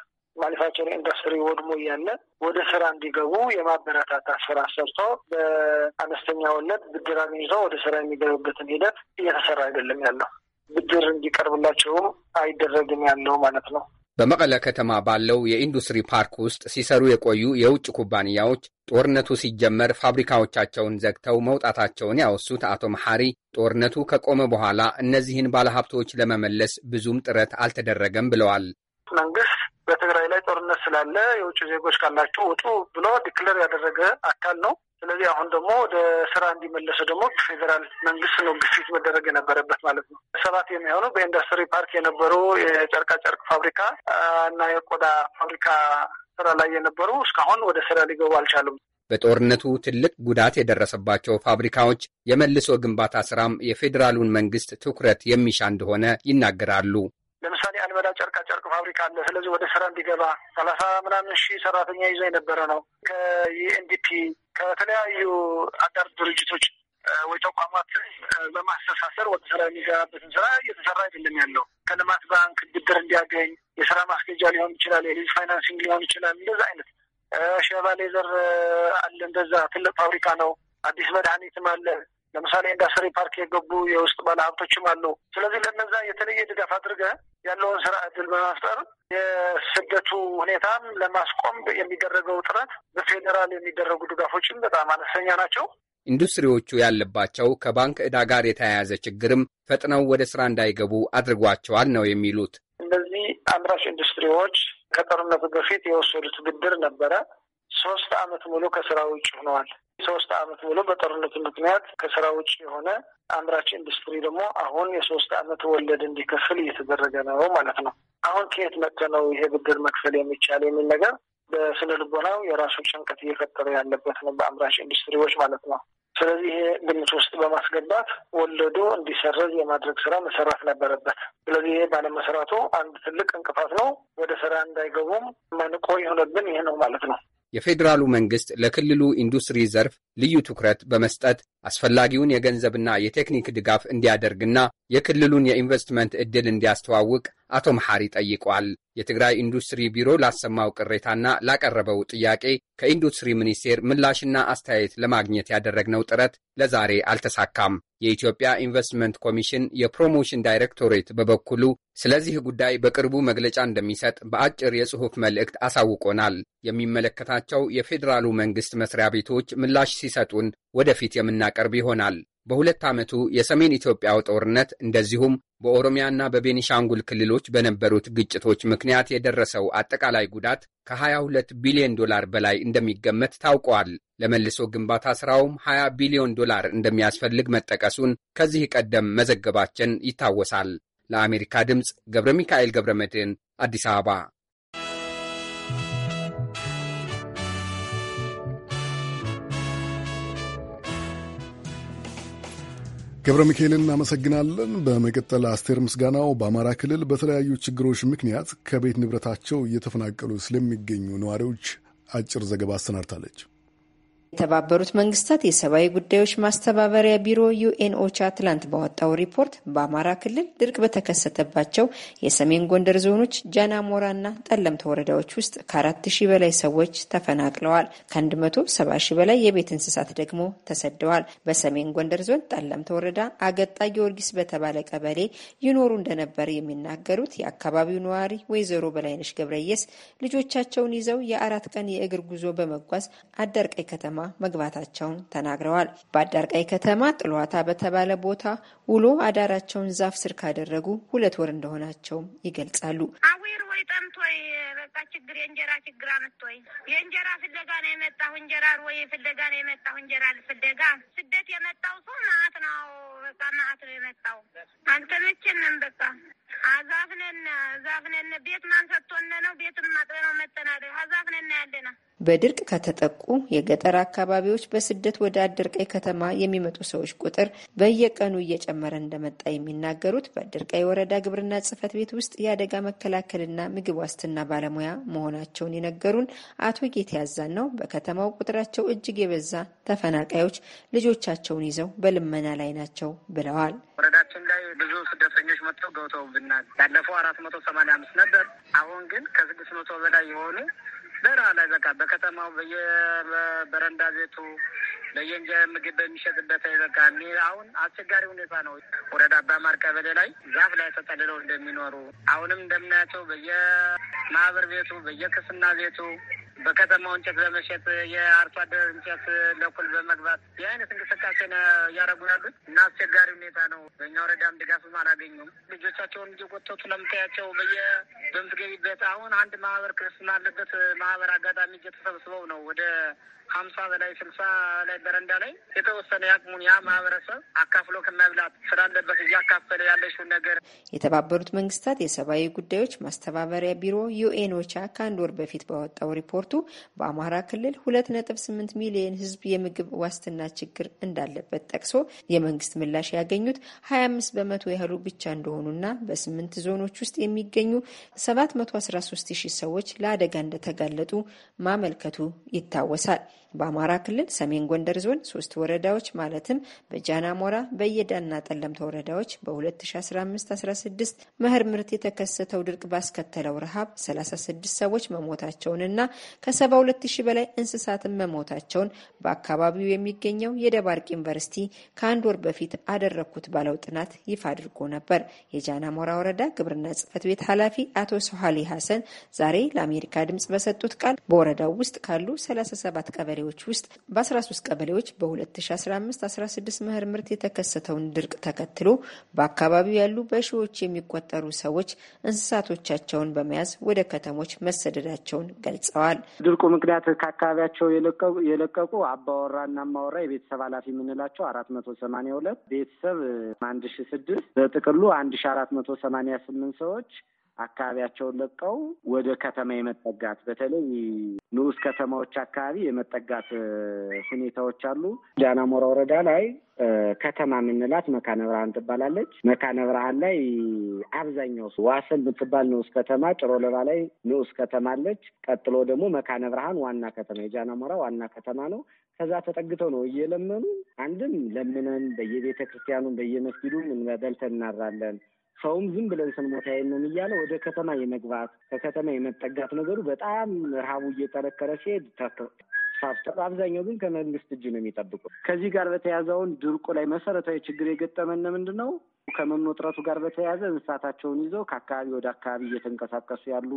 ማኒፋክቸሪንግ ኢንዱስትሪ ወድሞ እያለ ወደ ስራ እንዲገቡ የማበረታታት ስራ ሰርቶ በአነስተኛ ወለድ ብድር አግኝቶ ወደ ስራ የሚገቡበትን ሂደት እየተሰራ አይደለም ያለው። ብድር እንዲቀርብላቸውም አይደረግም ያለው ማለት ነው። በመቀለ ከተማ ባለው የኢንዱስትሪ ፓርክ ውስጥ ሲሰሩ የቆዩ የውጭ ኩባንያዎች ጦርነቱ ሲጀመር ፋብሪካዎቻቸውን ዘግተው መውጣታቸውን ያወሱት አቶ መሐሪ ጦርነቱ ከቆመ በኋላ እነዚህን ባለሀብቶች ለመመለስ ብዙም ጥረት አልተደረገም ብለዋል። መንግስት በትግራይ ላይ ጦርነት ስላለ የውጭ ዜጎች ካላቸው ውጡ ብሎ ዲክለር ያደረገ አካል ነው። ስለዚህ አሁን ደግሞ ወደ ስራ እንዲመለሱ ደግሞ ፌዴራል መንግስት ነው ግፊት መደረግ የነበረበት ማለት ነው። ሰባት የሚሆኑ በኢንዱስትሪ ፓርክ የነበሩ የጨርቃ ጨርቅ ፋብሪካ እና የቆዳ ፋብሪካ ስራ ላይ የነበሩ እስካሁን ወደ ስራ ሊገቡ አልቻሉም። በጦርነቱ ትልቅ ጉዳት የደረሰባቸው ፋብሪካዎች የመልሶ ግንባታ ስራም የፌዴራሉን መንግስት ትኩረት የሚሻ እንደሆነ ይናገራሉ። ለምሳሌ አልመዳ ጨርቃ ጨርቅ ፋብሪካ አለ። ስለዚህ ወደ ስራ እንዲገባ ሰላሳ ምናምን ሺህ ሰራተኛ ይዞ የነበረ ነው። ከኢኤንዲፒ ከተለያዩ አጋር ድርጅቶች ወይ ተቋማት በማስተሳሰር ወደ ስራ የሚገባበትን ስራ እየተሰራ አይደለም ያለው። ከልማት ባንክ ብድር እንዲያገኝ የስራ ማስኬጃ ሊሆን ይችላል፣ የሊዝ ፋይናንሲንግ ሊሆን ይችላል። እንደዛ አይነት ሸባ ሌዘር አለ። እንደዛ ትልቅ ፋብሪካ ነው። አዲስ መድኃኒትም አለ። ለምሳሌ ኢንዱስትሪ ፓርክ የገቡ የውስጥ ባለሀብቶችም አሉ። ስለዚህ ለነዛ የተለየ ድጋፍ አድርገ ያለውን ስራ እድል በመፍጠር የስደቱ ሁኔታም ለማስቆም የሚደረገው ጥረት በፌዴራል የሚደረጉ ድጋፎችም በጣም አነስተኛ ናቸው። ኢንዱስትሪዎቹ ያለባቸው ከባንክ ዕዳ ጋር የተያያዘ ችግርም ፈጥነው ወደ ስራ እንዳይገቡ አድርጓቸዋል ነው የሚሉት። እነዚህ አምራች ኢንዱስትሪዎች ከጦርነቱ በፊት የወሰዱት ብድር ነበረ። ሶስት አመት ሙሉ ከስራ ውጭ ሆነዋል። ሶስት አመት ሙሉ በጦርነቱ ምክንያት ከስራ ውጭ የሆነ አምራች ኢንዱስትሪ ደግሞ አሁን የሶስት አመት ወለድ እንዲከፍል እየተደረገ ነው ማለት ነው። አሁን ከየት መጥተ ነው ይሄ ብድር መክፈል የሚቻል የሚል ነገር በስነ ልቦናው የራሱ ጭንቀት እየፈጠረ ያለበት ነው በአምራች ኢንዱስትሪዎች ማለት ነው። ስለዚህ ይሄ ግምት ውስጥ በማስገባት ወለዱ እንዲሰረዝ የማድረግ ስራ መሰራት ነበረበት። ስለዚህ ይሄ ባለመሰራቱ አንድ ትልቅ እንቅፋት ነው። ወደ ስራ እንዳይገቡም መንቆ የሆነብን ይህ ነው ማለት ነው። የፌዴራሉ መንግስት ለክልሉ ኢንዱስትሪ ዘርፍ ልዩ ትኩረት በመስጠት አስፈላጊውን የገንዘብና የቴክኒክ ድጋፍ እንዲያደርግና የክልሉን የኢንቨስትመንት ዕድል እንዲያስተዋውቅ አቶ መሐሪ ጠይቋል። የትግራይ ኢንዱስትሪ ቢሮ ላሰማው ቅሬታና ላቀረበው ጥያቄ ከኢንዱስትሪ ሚኒስቴር ምላሽና አስተያየት ለማግኘት ያደረግነው ጥረት ለዛሬ አልተሳካም። የኢትዮጵያ ኢንቨስትመንት ኮሚሽን የፕሮሞሽን ዳይሬክቶሬት በበኩሉ ስለዚህ ጉዳይ በቅርቡ መግለጫ እንደሚሰጥ በአጭር የጽሑፍ መልእክት አሳውቆናል። የሚመለከታቸው የፌዴራሉ መንግስት መስሪያ ቤቶች ምላሽ ሲሰጡን ወደፊት የምናቀርብ ይሆናል። በሁለት ዓመቱ የሰሜን ኢትዮጵያው ጦርነት እንደዚሁም በኦሮሚያና በቤኒሻንጉል ክልሎች በነበሩት ግጭቶች ምክንያት የደረሰው አጠቃላይ ጉዳት ከ22 ቢሊዮን ዶላር በላይ እንደሚገመት ታውቋል። ለመልሶ ግንባታ ሥራውም 20 ቢሊዮን ዶላር እንደሚያስፈልግ መጠቀሱን ከዚህ ቀደም መዘገባችን ይታወሳል። ለአሜሪካ ድምፅ ገብረ ሚካኤል ገብረ መድህን አዲስ አበባ ገብረ ሚካኤልን እናመሰግናለን። በመቀጠል አስቴር ምስጋናው በአማራ ክልል በተለያዩ ችግሮች ምክንያት ከቤት ንብረታቸው እየተፈናቀሉ ስለሚገኙ ነዋሪዎች አጭር ዘገባ አሰናድታለች። የተባበሩት መንግስታት የሰብአዊ ጉዳዮች ማስተባበሪያ ቢሮ ዩኤን ትላንት ባወጣው ሪፖርት በአማራ ክልል ድርቅ በተከሰተባቸው የሰሜን ጎንደር ዞኖች እና ጠለምት ወረዳዎች ውስጥ ከአራት ሺህ በላይ ሰዎች ተፈናቅለዋል። ከአንድ መቶ ሰባ ሺህ በላይ የቤት እንስሳት ደግሞ ተሰደዋል። በሰሜን ጎንደር ዞን ጠለምት ወረዳ አገጣ ጊዮርጊስ በተባለ ቀበሌ ይኖሩ እንደነበር የሚናገሩት የአካባቢው ነዋሪ ወይዘሮ በላይነሽ ገብረየስ ልጆቻቸውን ይዘው የአራት ቀን የእግር ጉዞ በመጓዝ አደርቀይ ከተማ መግባታቸውን ተናግረዋል። በአዳርቃይ ከተማ ጥሏታ በተባለ ቦታ ውሎ አዳራቸውን ዛፍ ስር ካደረጉ ሁለት ወር እንደሆናቸውም ይገልጻሉ። አዊር ወይ በቃ ችግር የእንጀራ ችግር የእንጀራ ፍለጋ ነው የመጣሁ እንጀራ ወይ ፍለጋ ነው የመጣሁ እንጀራ ፍለጋ ስደት የመጣው ሰው ማአት ነው በቃ ማአት ነው የመጣው በቃ አዛፍነን ቤት ማን ሰጥቶነ ነው ቤትም ማጥበ ነው መጠናደ አዛፍነና ያለና በድርቅ ከተጠቁ የገጠር አካባቢዎች በስደት ወደ ቀይ ከተማ የሚመጡ ሰዎች ቁጥር በየቀኑ እየጨመረ እንደመጣ የሚናገሩት ቀይ ወረዳ ግብርና ጽሕፈት ቤት ውስጥ የአደጋ መከላከልና ምግብ ዋስትና ባለሙያ መሆናቸውን የነገሩን አቶ ጌት ያዛን ነው። በከተማው ቁጥራቸው እጅግ የበዛ ተፈናቃዮች ልጆቻቸውን ይዘው በልመና ላይ ናቸው ብለዋል። ወረዳችን ላይ ብዙ ስደተኞች መጥተው ገብተውብናል። ያለፈው አራት መቶ ሰማንያ አምስት ነበር። አሁን ግን ከስድስት መቶ በላይ የሆኑ ስራ ላይ በቃ በከተማው በየበረንዳ ቤቱ በየእንጃ ምግብ በሚሸጥበት በቃ አሁን አስቸጋሪ ሁኔታ ነው። ወረዳ አባማር ቀበሌ ላይ ዛፍ ላይ ተጠልለው እንደሚኖሩ አሁንም እንደምናያቸው በየማህበር ቤቱ በየክስና ቤቱ በከተማው እንጨት በመሸጥ የአርሶ አደር እንጨት ለኩል በመግባት ይህ አይነት እንቅስቃሴ እያደረጉ ያሉት እና አስቸጋሪ ሁኔታ ነው። በእኛ ወረዳም ድጋፍም አላገኙም። ልጆቻቸውን እየጎተቱ ለምታያቸው በየ በምትገቢበት አሁን አንድ ማህበር ክርስትና አለበት ማህበር አጋጣሚ እየተሰብስበው ነው ወደ ሀምሳ በላይ ስልሳ ላይ በረንዳ ላይ የተወሰነ ያቅሙን ያ ማህበረሰብ አካፍሎ ከመብላት አለበት እያካፈለ ያለችውን ነገር የተባበሩት መንግስታት የሰብአዊ ጉዳዮች ማስተባበሪያ ቢሮ ዩኤኖቻ ከአንድ ወር በፊት ባወጣው ሪፖርቱ በአማራ ክልል ሁለት ነጥብ ስምንት ሚሊየን ህዝብ የምግብ ዋስትና ችግር እንዳለበት ጠቅሶ የመንግስት ምላሽ ያገኙት ሀያ አምስት በመቶ ያህሉ ብቻ እንደሆኑና በስምንት ዞኖች ውስጥ የሚገኙ ሰባት መቶ አስራ ሶስት ሺህ ሰዎች ለአደጋ እንደተጋለጡ ማመልከቱ ይታወሳል። በአማራ ክልል ሰሜን ጎንደር ዞን ሶስት ወረዳዎች ማለትም በጃናሞራ በየዳና ጠለምተ ወረዳዎች በ2015/16 መኸር ምርት የተከሰተው ድርቅ ባስከተለው ረሃብ 36 ሰዎች መሞታቸውንና ከ72000 በላይ እንስሳትን መሞታቸውን በአካባቢው የሚገኘው የደባርቅ ዩኒቨርሲቲ ከአንድ ወር በፊት አደረግኩት ባለው ጥናት ይፋ አድርጎ ነበር። የጃናሞራ ወረዳ ግብርና ጽህፈት ቤት ኃላፊ አቶ ሶሃሊ ሀሰን ዛሬ ለአሜሪካ ድምጽ በሰጡት ቃል በወረዳው ውስጥ ካሉ 37 ቀበሌ ቀበሌዎች ውስጥ በ13 ቀበሌዎች በ2015/16 መኸር ምርት የተከሰተውን ድርቅ ተከትሎ በአካባቢው ያሉ በሺዎች የሚቆጠሩ ሰዎች እንስሳቶቻቸውን በመያዝ ወደ ከተሞች መሰደዳቸውን ገልጸዋል። ድርቁ ምክንያት ከአካባቢያቸው የለቀቁ አባወራ ና አማወራ የቤተሰብ ኃላፊ የምንላቸው አራት መቶ ሰማኒያ ሁለት ቤተሰብ አንድ ሺ ስድስት በጥቅሉ አንድ ሺ አራት መቶ ሰማኒያ ስምንት ሰዎች አካባቢያቸውን ለቀው ወደ ከተማ የመጠጋት በተለይ ንዑስ ከተማዎች አካባቢ የመጠጋት ሁኔታዎች አሉ። ሞራ ወረዳ ላይ ከተማ የምንላት መካነ ብርሃን ትባላለች። መካነ ብርሃን ላይ አብዛኛው ዋስል የምትባል ንዑስ ከተማ፣ ጭሮ ለባ ላይ ንዑስ ከተማ አለች። ቀጥሎ ደግሞ መካነ ብርሃን ዋና ከተማ የጃናሞራ ዋና ከተማ ነው። ከዛ ተጠግተው ነው እየለመኑ አንድም ለምነን በየቤተ በየመስጊዱ በየመስጊዱም በልተን እናድራለን። ሰውም ዝም ብለን ስንሞት ያየንን እያለ ወደ ከተማ የመግባት ከከተማ የመጠጋት ነገሩ በጣም ረሃቡ እየጠነከረ ሲሄድ አብዛኛው ግን ከመንግስት እጅ ነው የሚጠብቁ። ከዚህ ጋር በተያዘውን ድርቁ ላይ መሰረታዊ ችግር የገጠመን ምንድን ነው? ከመኖ እጥረቱ ጋር በተያያዘ እንስሳታቸውን ይዘው ከአካባቢ ወደ አካባቢ እየተንቀሳቀሱ ያሉ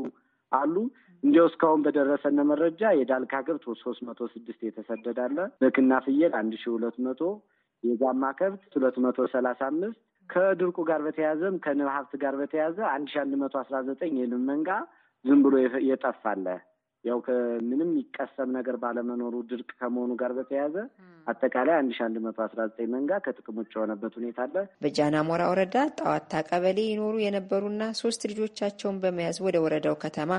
አሉ። እንዲው እስካሁን በደረሰነ መረጃ የዳልካ ከብት ሶስት መቶ ስድስት የተሰደዳለ፣ በክና ፍየል አንድ ሺ ሁለት መቶ የጋማ ከብት ሁለት መቶ ሰላሳ አምስት ከድርቁ ጋር በተያያዘም ከንብ ሀብት ጋር በተያያዘ አንድ ሺ አንድ መቶ አስራ ዘጠኝ የንብ መንጋ ዝም ብሎ የጠፋለ ያው ከምንም የሚቀሰም ነገር ባለመኖሩ ድርቅ ከመሆኑ ጋር በተያያዘ አጠቃላይ አንድ ሺ አንድ መቶ አስራ ዘጠኝ መንጋ ከጥቅም ውጭ የሆነበት ሁኔታ አለ። በጃና ሞራ ወረዳ ጣዋታ ቀበሌ ይኖሩ የነበሩና ሶስት ልጆቻቸውን በመያዝ ወደ ወረዳው ከተማ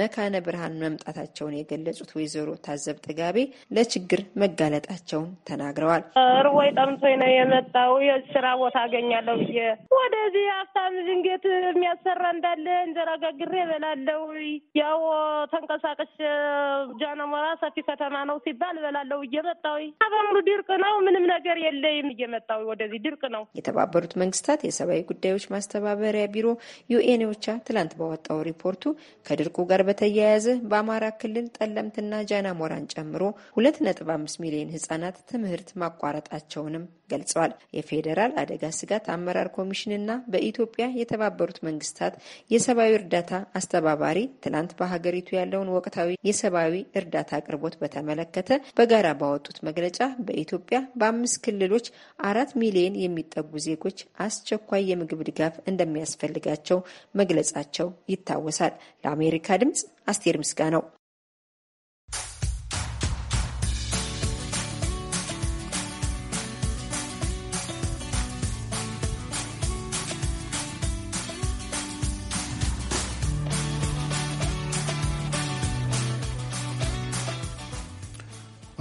መካነ ብርሃን መምጣታቸውን የገለጹት ወይዘሮ ታዘብ ጥጋቤ ለችግር መጋለጣቸውን ተናግረዋል። ርቦይ ጠምቶኝ ነው የመጣው የስራ ቦታ አገኛለሁ ብዬ ወደዚህ ሀብታም ዝንጌት የሚያሰራ እንዳለ እንጀራ ጋግሬ እበላለሁ ያው ተንቀሳቀስ መች ጃነሞራ ሰፊ ከተማ ነው ሲባል እበላለሁ እየመጣሁ በሙሉ ድርቅ ነው። ምንም ነገር የለይም። እየመጣሁ ወደዚህ ድርቅ ነው። የተባበሩት መንግስታት የሰብአዊ ጉዳዮች ማስተባበሪያ ቢሮ ዩኤን ኦቻ ትላንት ባወጣው ሪፖርቱ ከድርቁ ጋር በተያያዘ በአማራ ክልል ጠለምትና ጃናሞራን ጨምሮ ሁለት ነጥብ አምስት ሚሊዮን ህጻናት ትምህርት ማቋረጣቸውንም ገልጸዋል። የፌዴራል አደጋ ስጋት አመራር ኮሚሽንና በኢትዮጵያ የተባበሩት መንግስታት የሰብአዊ እርዳታ አስተባባሪ ትናንት በሀገሪቱ ያለውን ወቅታዊ የሰብአዊ እርዳታ አቅርቦት በተመለከተ በጋራ ባወጡት መግለጫ በኢትዮጵያ በአምስት ክልሎች አራት ሚሊዮን የሚጠጉ ዜጎች አስቸኳይ የምግብ ድጋፍ እንደሚያስፈልጋቸው መግለጻቸው ይታወሳል። ለአሜሪካ ድምጽ አስቴር ምስጋ ነው።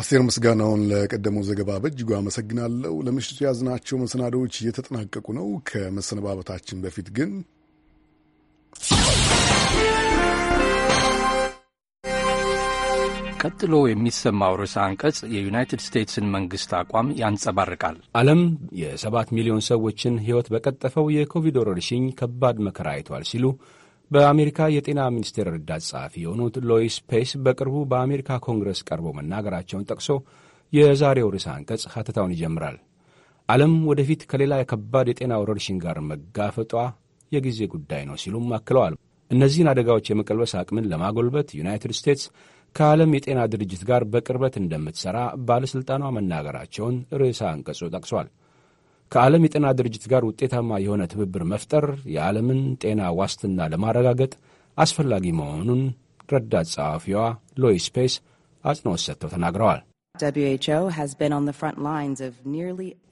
አስቴር ምስጋናውን ለቀደመው ዘገባ በእጅጉ አመሰግናለሁ። ለምሽቱ የያዝናቸው መሰናዶዎች እየተጠናቀቁ ነው። ከመሰነባበታችን በፊት ግን ቀጥሎ የሚሰማው ርዕሰ አንቀጽ የዩናይትድ ስቴትስን መንግሥት አቋም ያንጸባርቃል። ዓለም የሰባት ሚሊዮን ሰዎችን ሕይወት በቀጠፈው የኮቪድ ወረርሽኝ ከባድ መከራ አይቷል ሲሉ በአሜሪካ የጤና ሚኒስቴር ረዳት ጸሐፊ የሆኑት ሎይስ ፔስ በቅርቡ በአሜሪካ ኮንግረስ ቀርበው መናገራቸውን ጠቅሶ የዛሬው ርዕሰ አንቀጽ ሐተታውን ይጀምራል። ዓለም ወደፊት ከሌላ የከባድ የጤና ወረርሽኝ ጋር መጋፈጧ የጊዜ ጉዳይ ነው ሲሉም አክለዋል። እነዚህን አደጋዎች የመቀልበስ አቅምን ለማጎልበት ዩናይትድ ስቴትስ ከዓለም የጤና ድርጅት ጋር በቅርበት እንደምትሠራ ባለሥልጣኗ መናገራቸውን ርዕሰ አንቀጹ ጠቅሷል። ከዓለም የጤና ድርጅት ጋር ውጤታማ የሆነ ትብብር መፍጠር የዓለምን ጤና ዋስትና ለማረጋገጥ አስፈላጊ መሆኑን ረዳት ጸሐፊዋ ሎይስ ፔስ አጽንኦት ሰጥተው ተናግረዋል።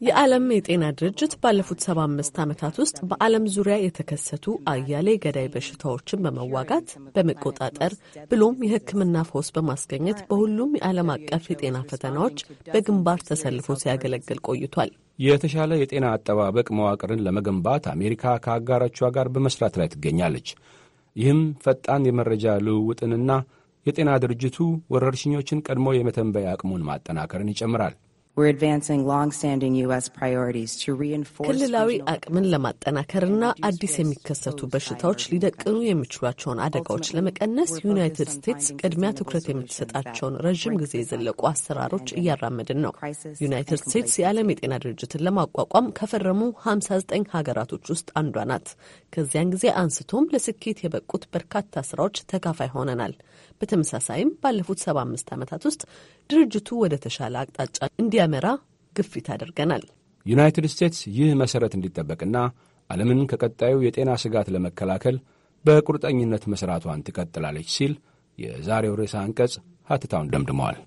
የዓለም የጤና ድርጅት ባለፉት 75 ዓመታት ውስጥ በዓለም ዙሪያ የተከሰቱ አያሌ ገዳይ በሽታዎችን በመዋጋት በመቆጣጠር ብሎም የሕክምና ፈውስ በማስገኘት በሁሉም የዓለም አቀፍ የጤና ፈተናዎች በግንባር ተሰልፎ ሲያገለግል ቆይቷል። የተሻለ የጤና አጠባበቅ መዋቅርን ለመገንባት አሜሪካ ከአጋራቿ ጋር በመስራት ላይ ትገኛለች። ይህም ፈጣን የመረጃ ልውውጥንና የጤና ድርጅቱ ወረርሽኞችን ቀድሞ የመተንበያ አቅሙን ማጠናከርን ይጨምራል። ክልላዊ አቅምን ለማጠናከርና አዲስ የሚከሰቱ በሽታዎች ሊደቅኑ የሚችሏቸውን አደጋዎች ለመቀነስ ዩናይትድ ስቴትስ ቅድሚያ ትኩረት የምትሰጣቸውን ረዥም ጊዜ የዘለቁ አሰራሮች እያራመድን ነው። ዩናይትድ ስቴትስ የዓለም የጤና ድርጅትን ለማቋቋም ከፈረሙ 59 ሀገራቶች ውስጥ አንዷ ናት። ከዚያን ጊዜ አንስቶም ለስኬት የበቁት በርካታ ስራዎች ተካፋይ ሆነናል። በተመሳሳይም ባለፉት ሰባ አምስት ዓመታት ውስጥ ድርጅቱ ወደ ተሻለ አቅጣጫ እንዲያመራ ግፊት አድርገናል። ዩናይትድ ስቴትስ ይህ መሠረት እንዲጠበቅና ዓለምን ከቀጣዩ የጤና ስጋት ለመከላከል በቁርጠኝነት መሥራቷን ትቀጥላለች ሲል የዛሬው ርዕሰ አንቀጽ ሀተታውን ደምድመዋል።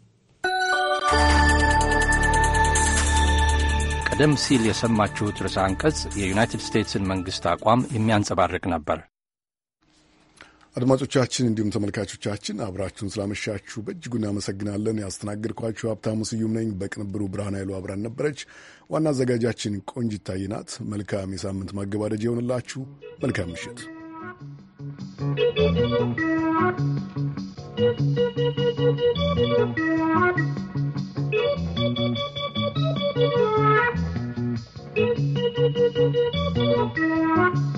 ቀደም ሲል የሰማችሁት ርዕሰ አንቀጽ የዩናይትድ ስቴትስን መንግሥት አቋም የሚያንጸባርቅ ነበር። አድማጮቻችን እንዲሁም ተመልካቾቻችን አብራችሁን ስላመሻችሁ በእጅጉ እናመሰግናለን። ያስተናገድኳችሁ ሀብታሙ ስዩም ነኝ። በቅንብሩ ብርሃን ኃይሉ አብራን ነበረች። ዋና አዘጋጃችን ቆንጅ ይታይናት። መልካም የሳምንት ማገባደጃ የሆንላችሁ። መልካም ምሽት። Thank you.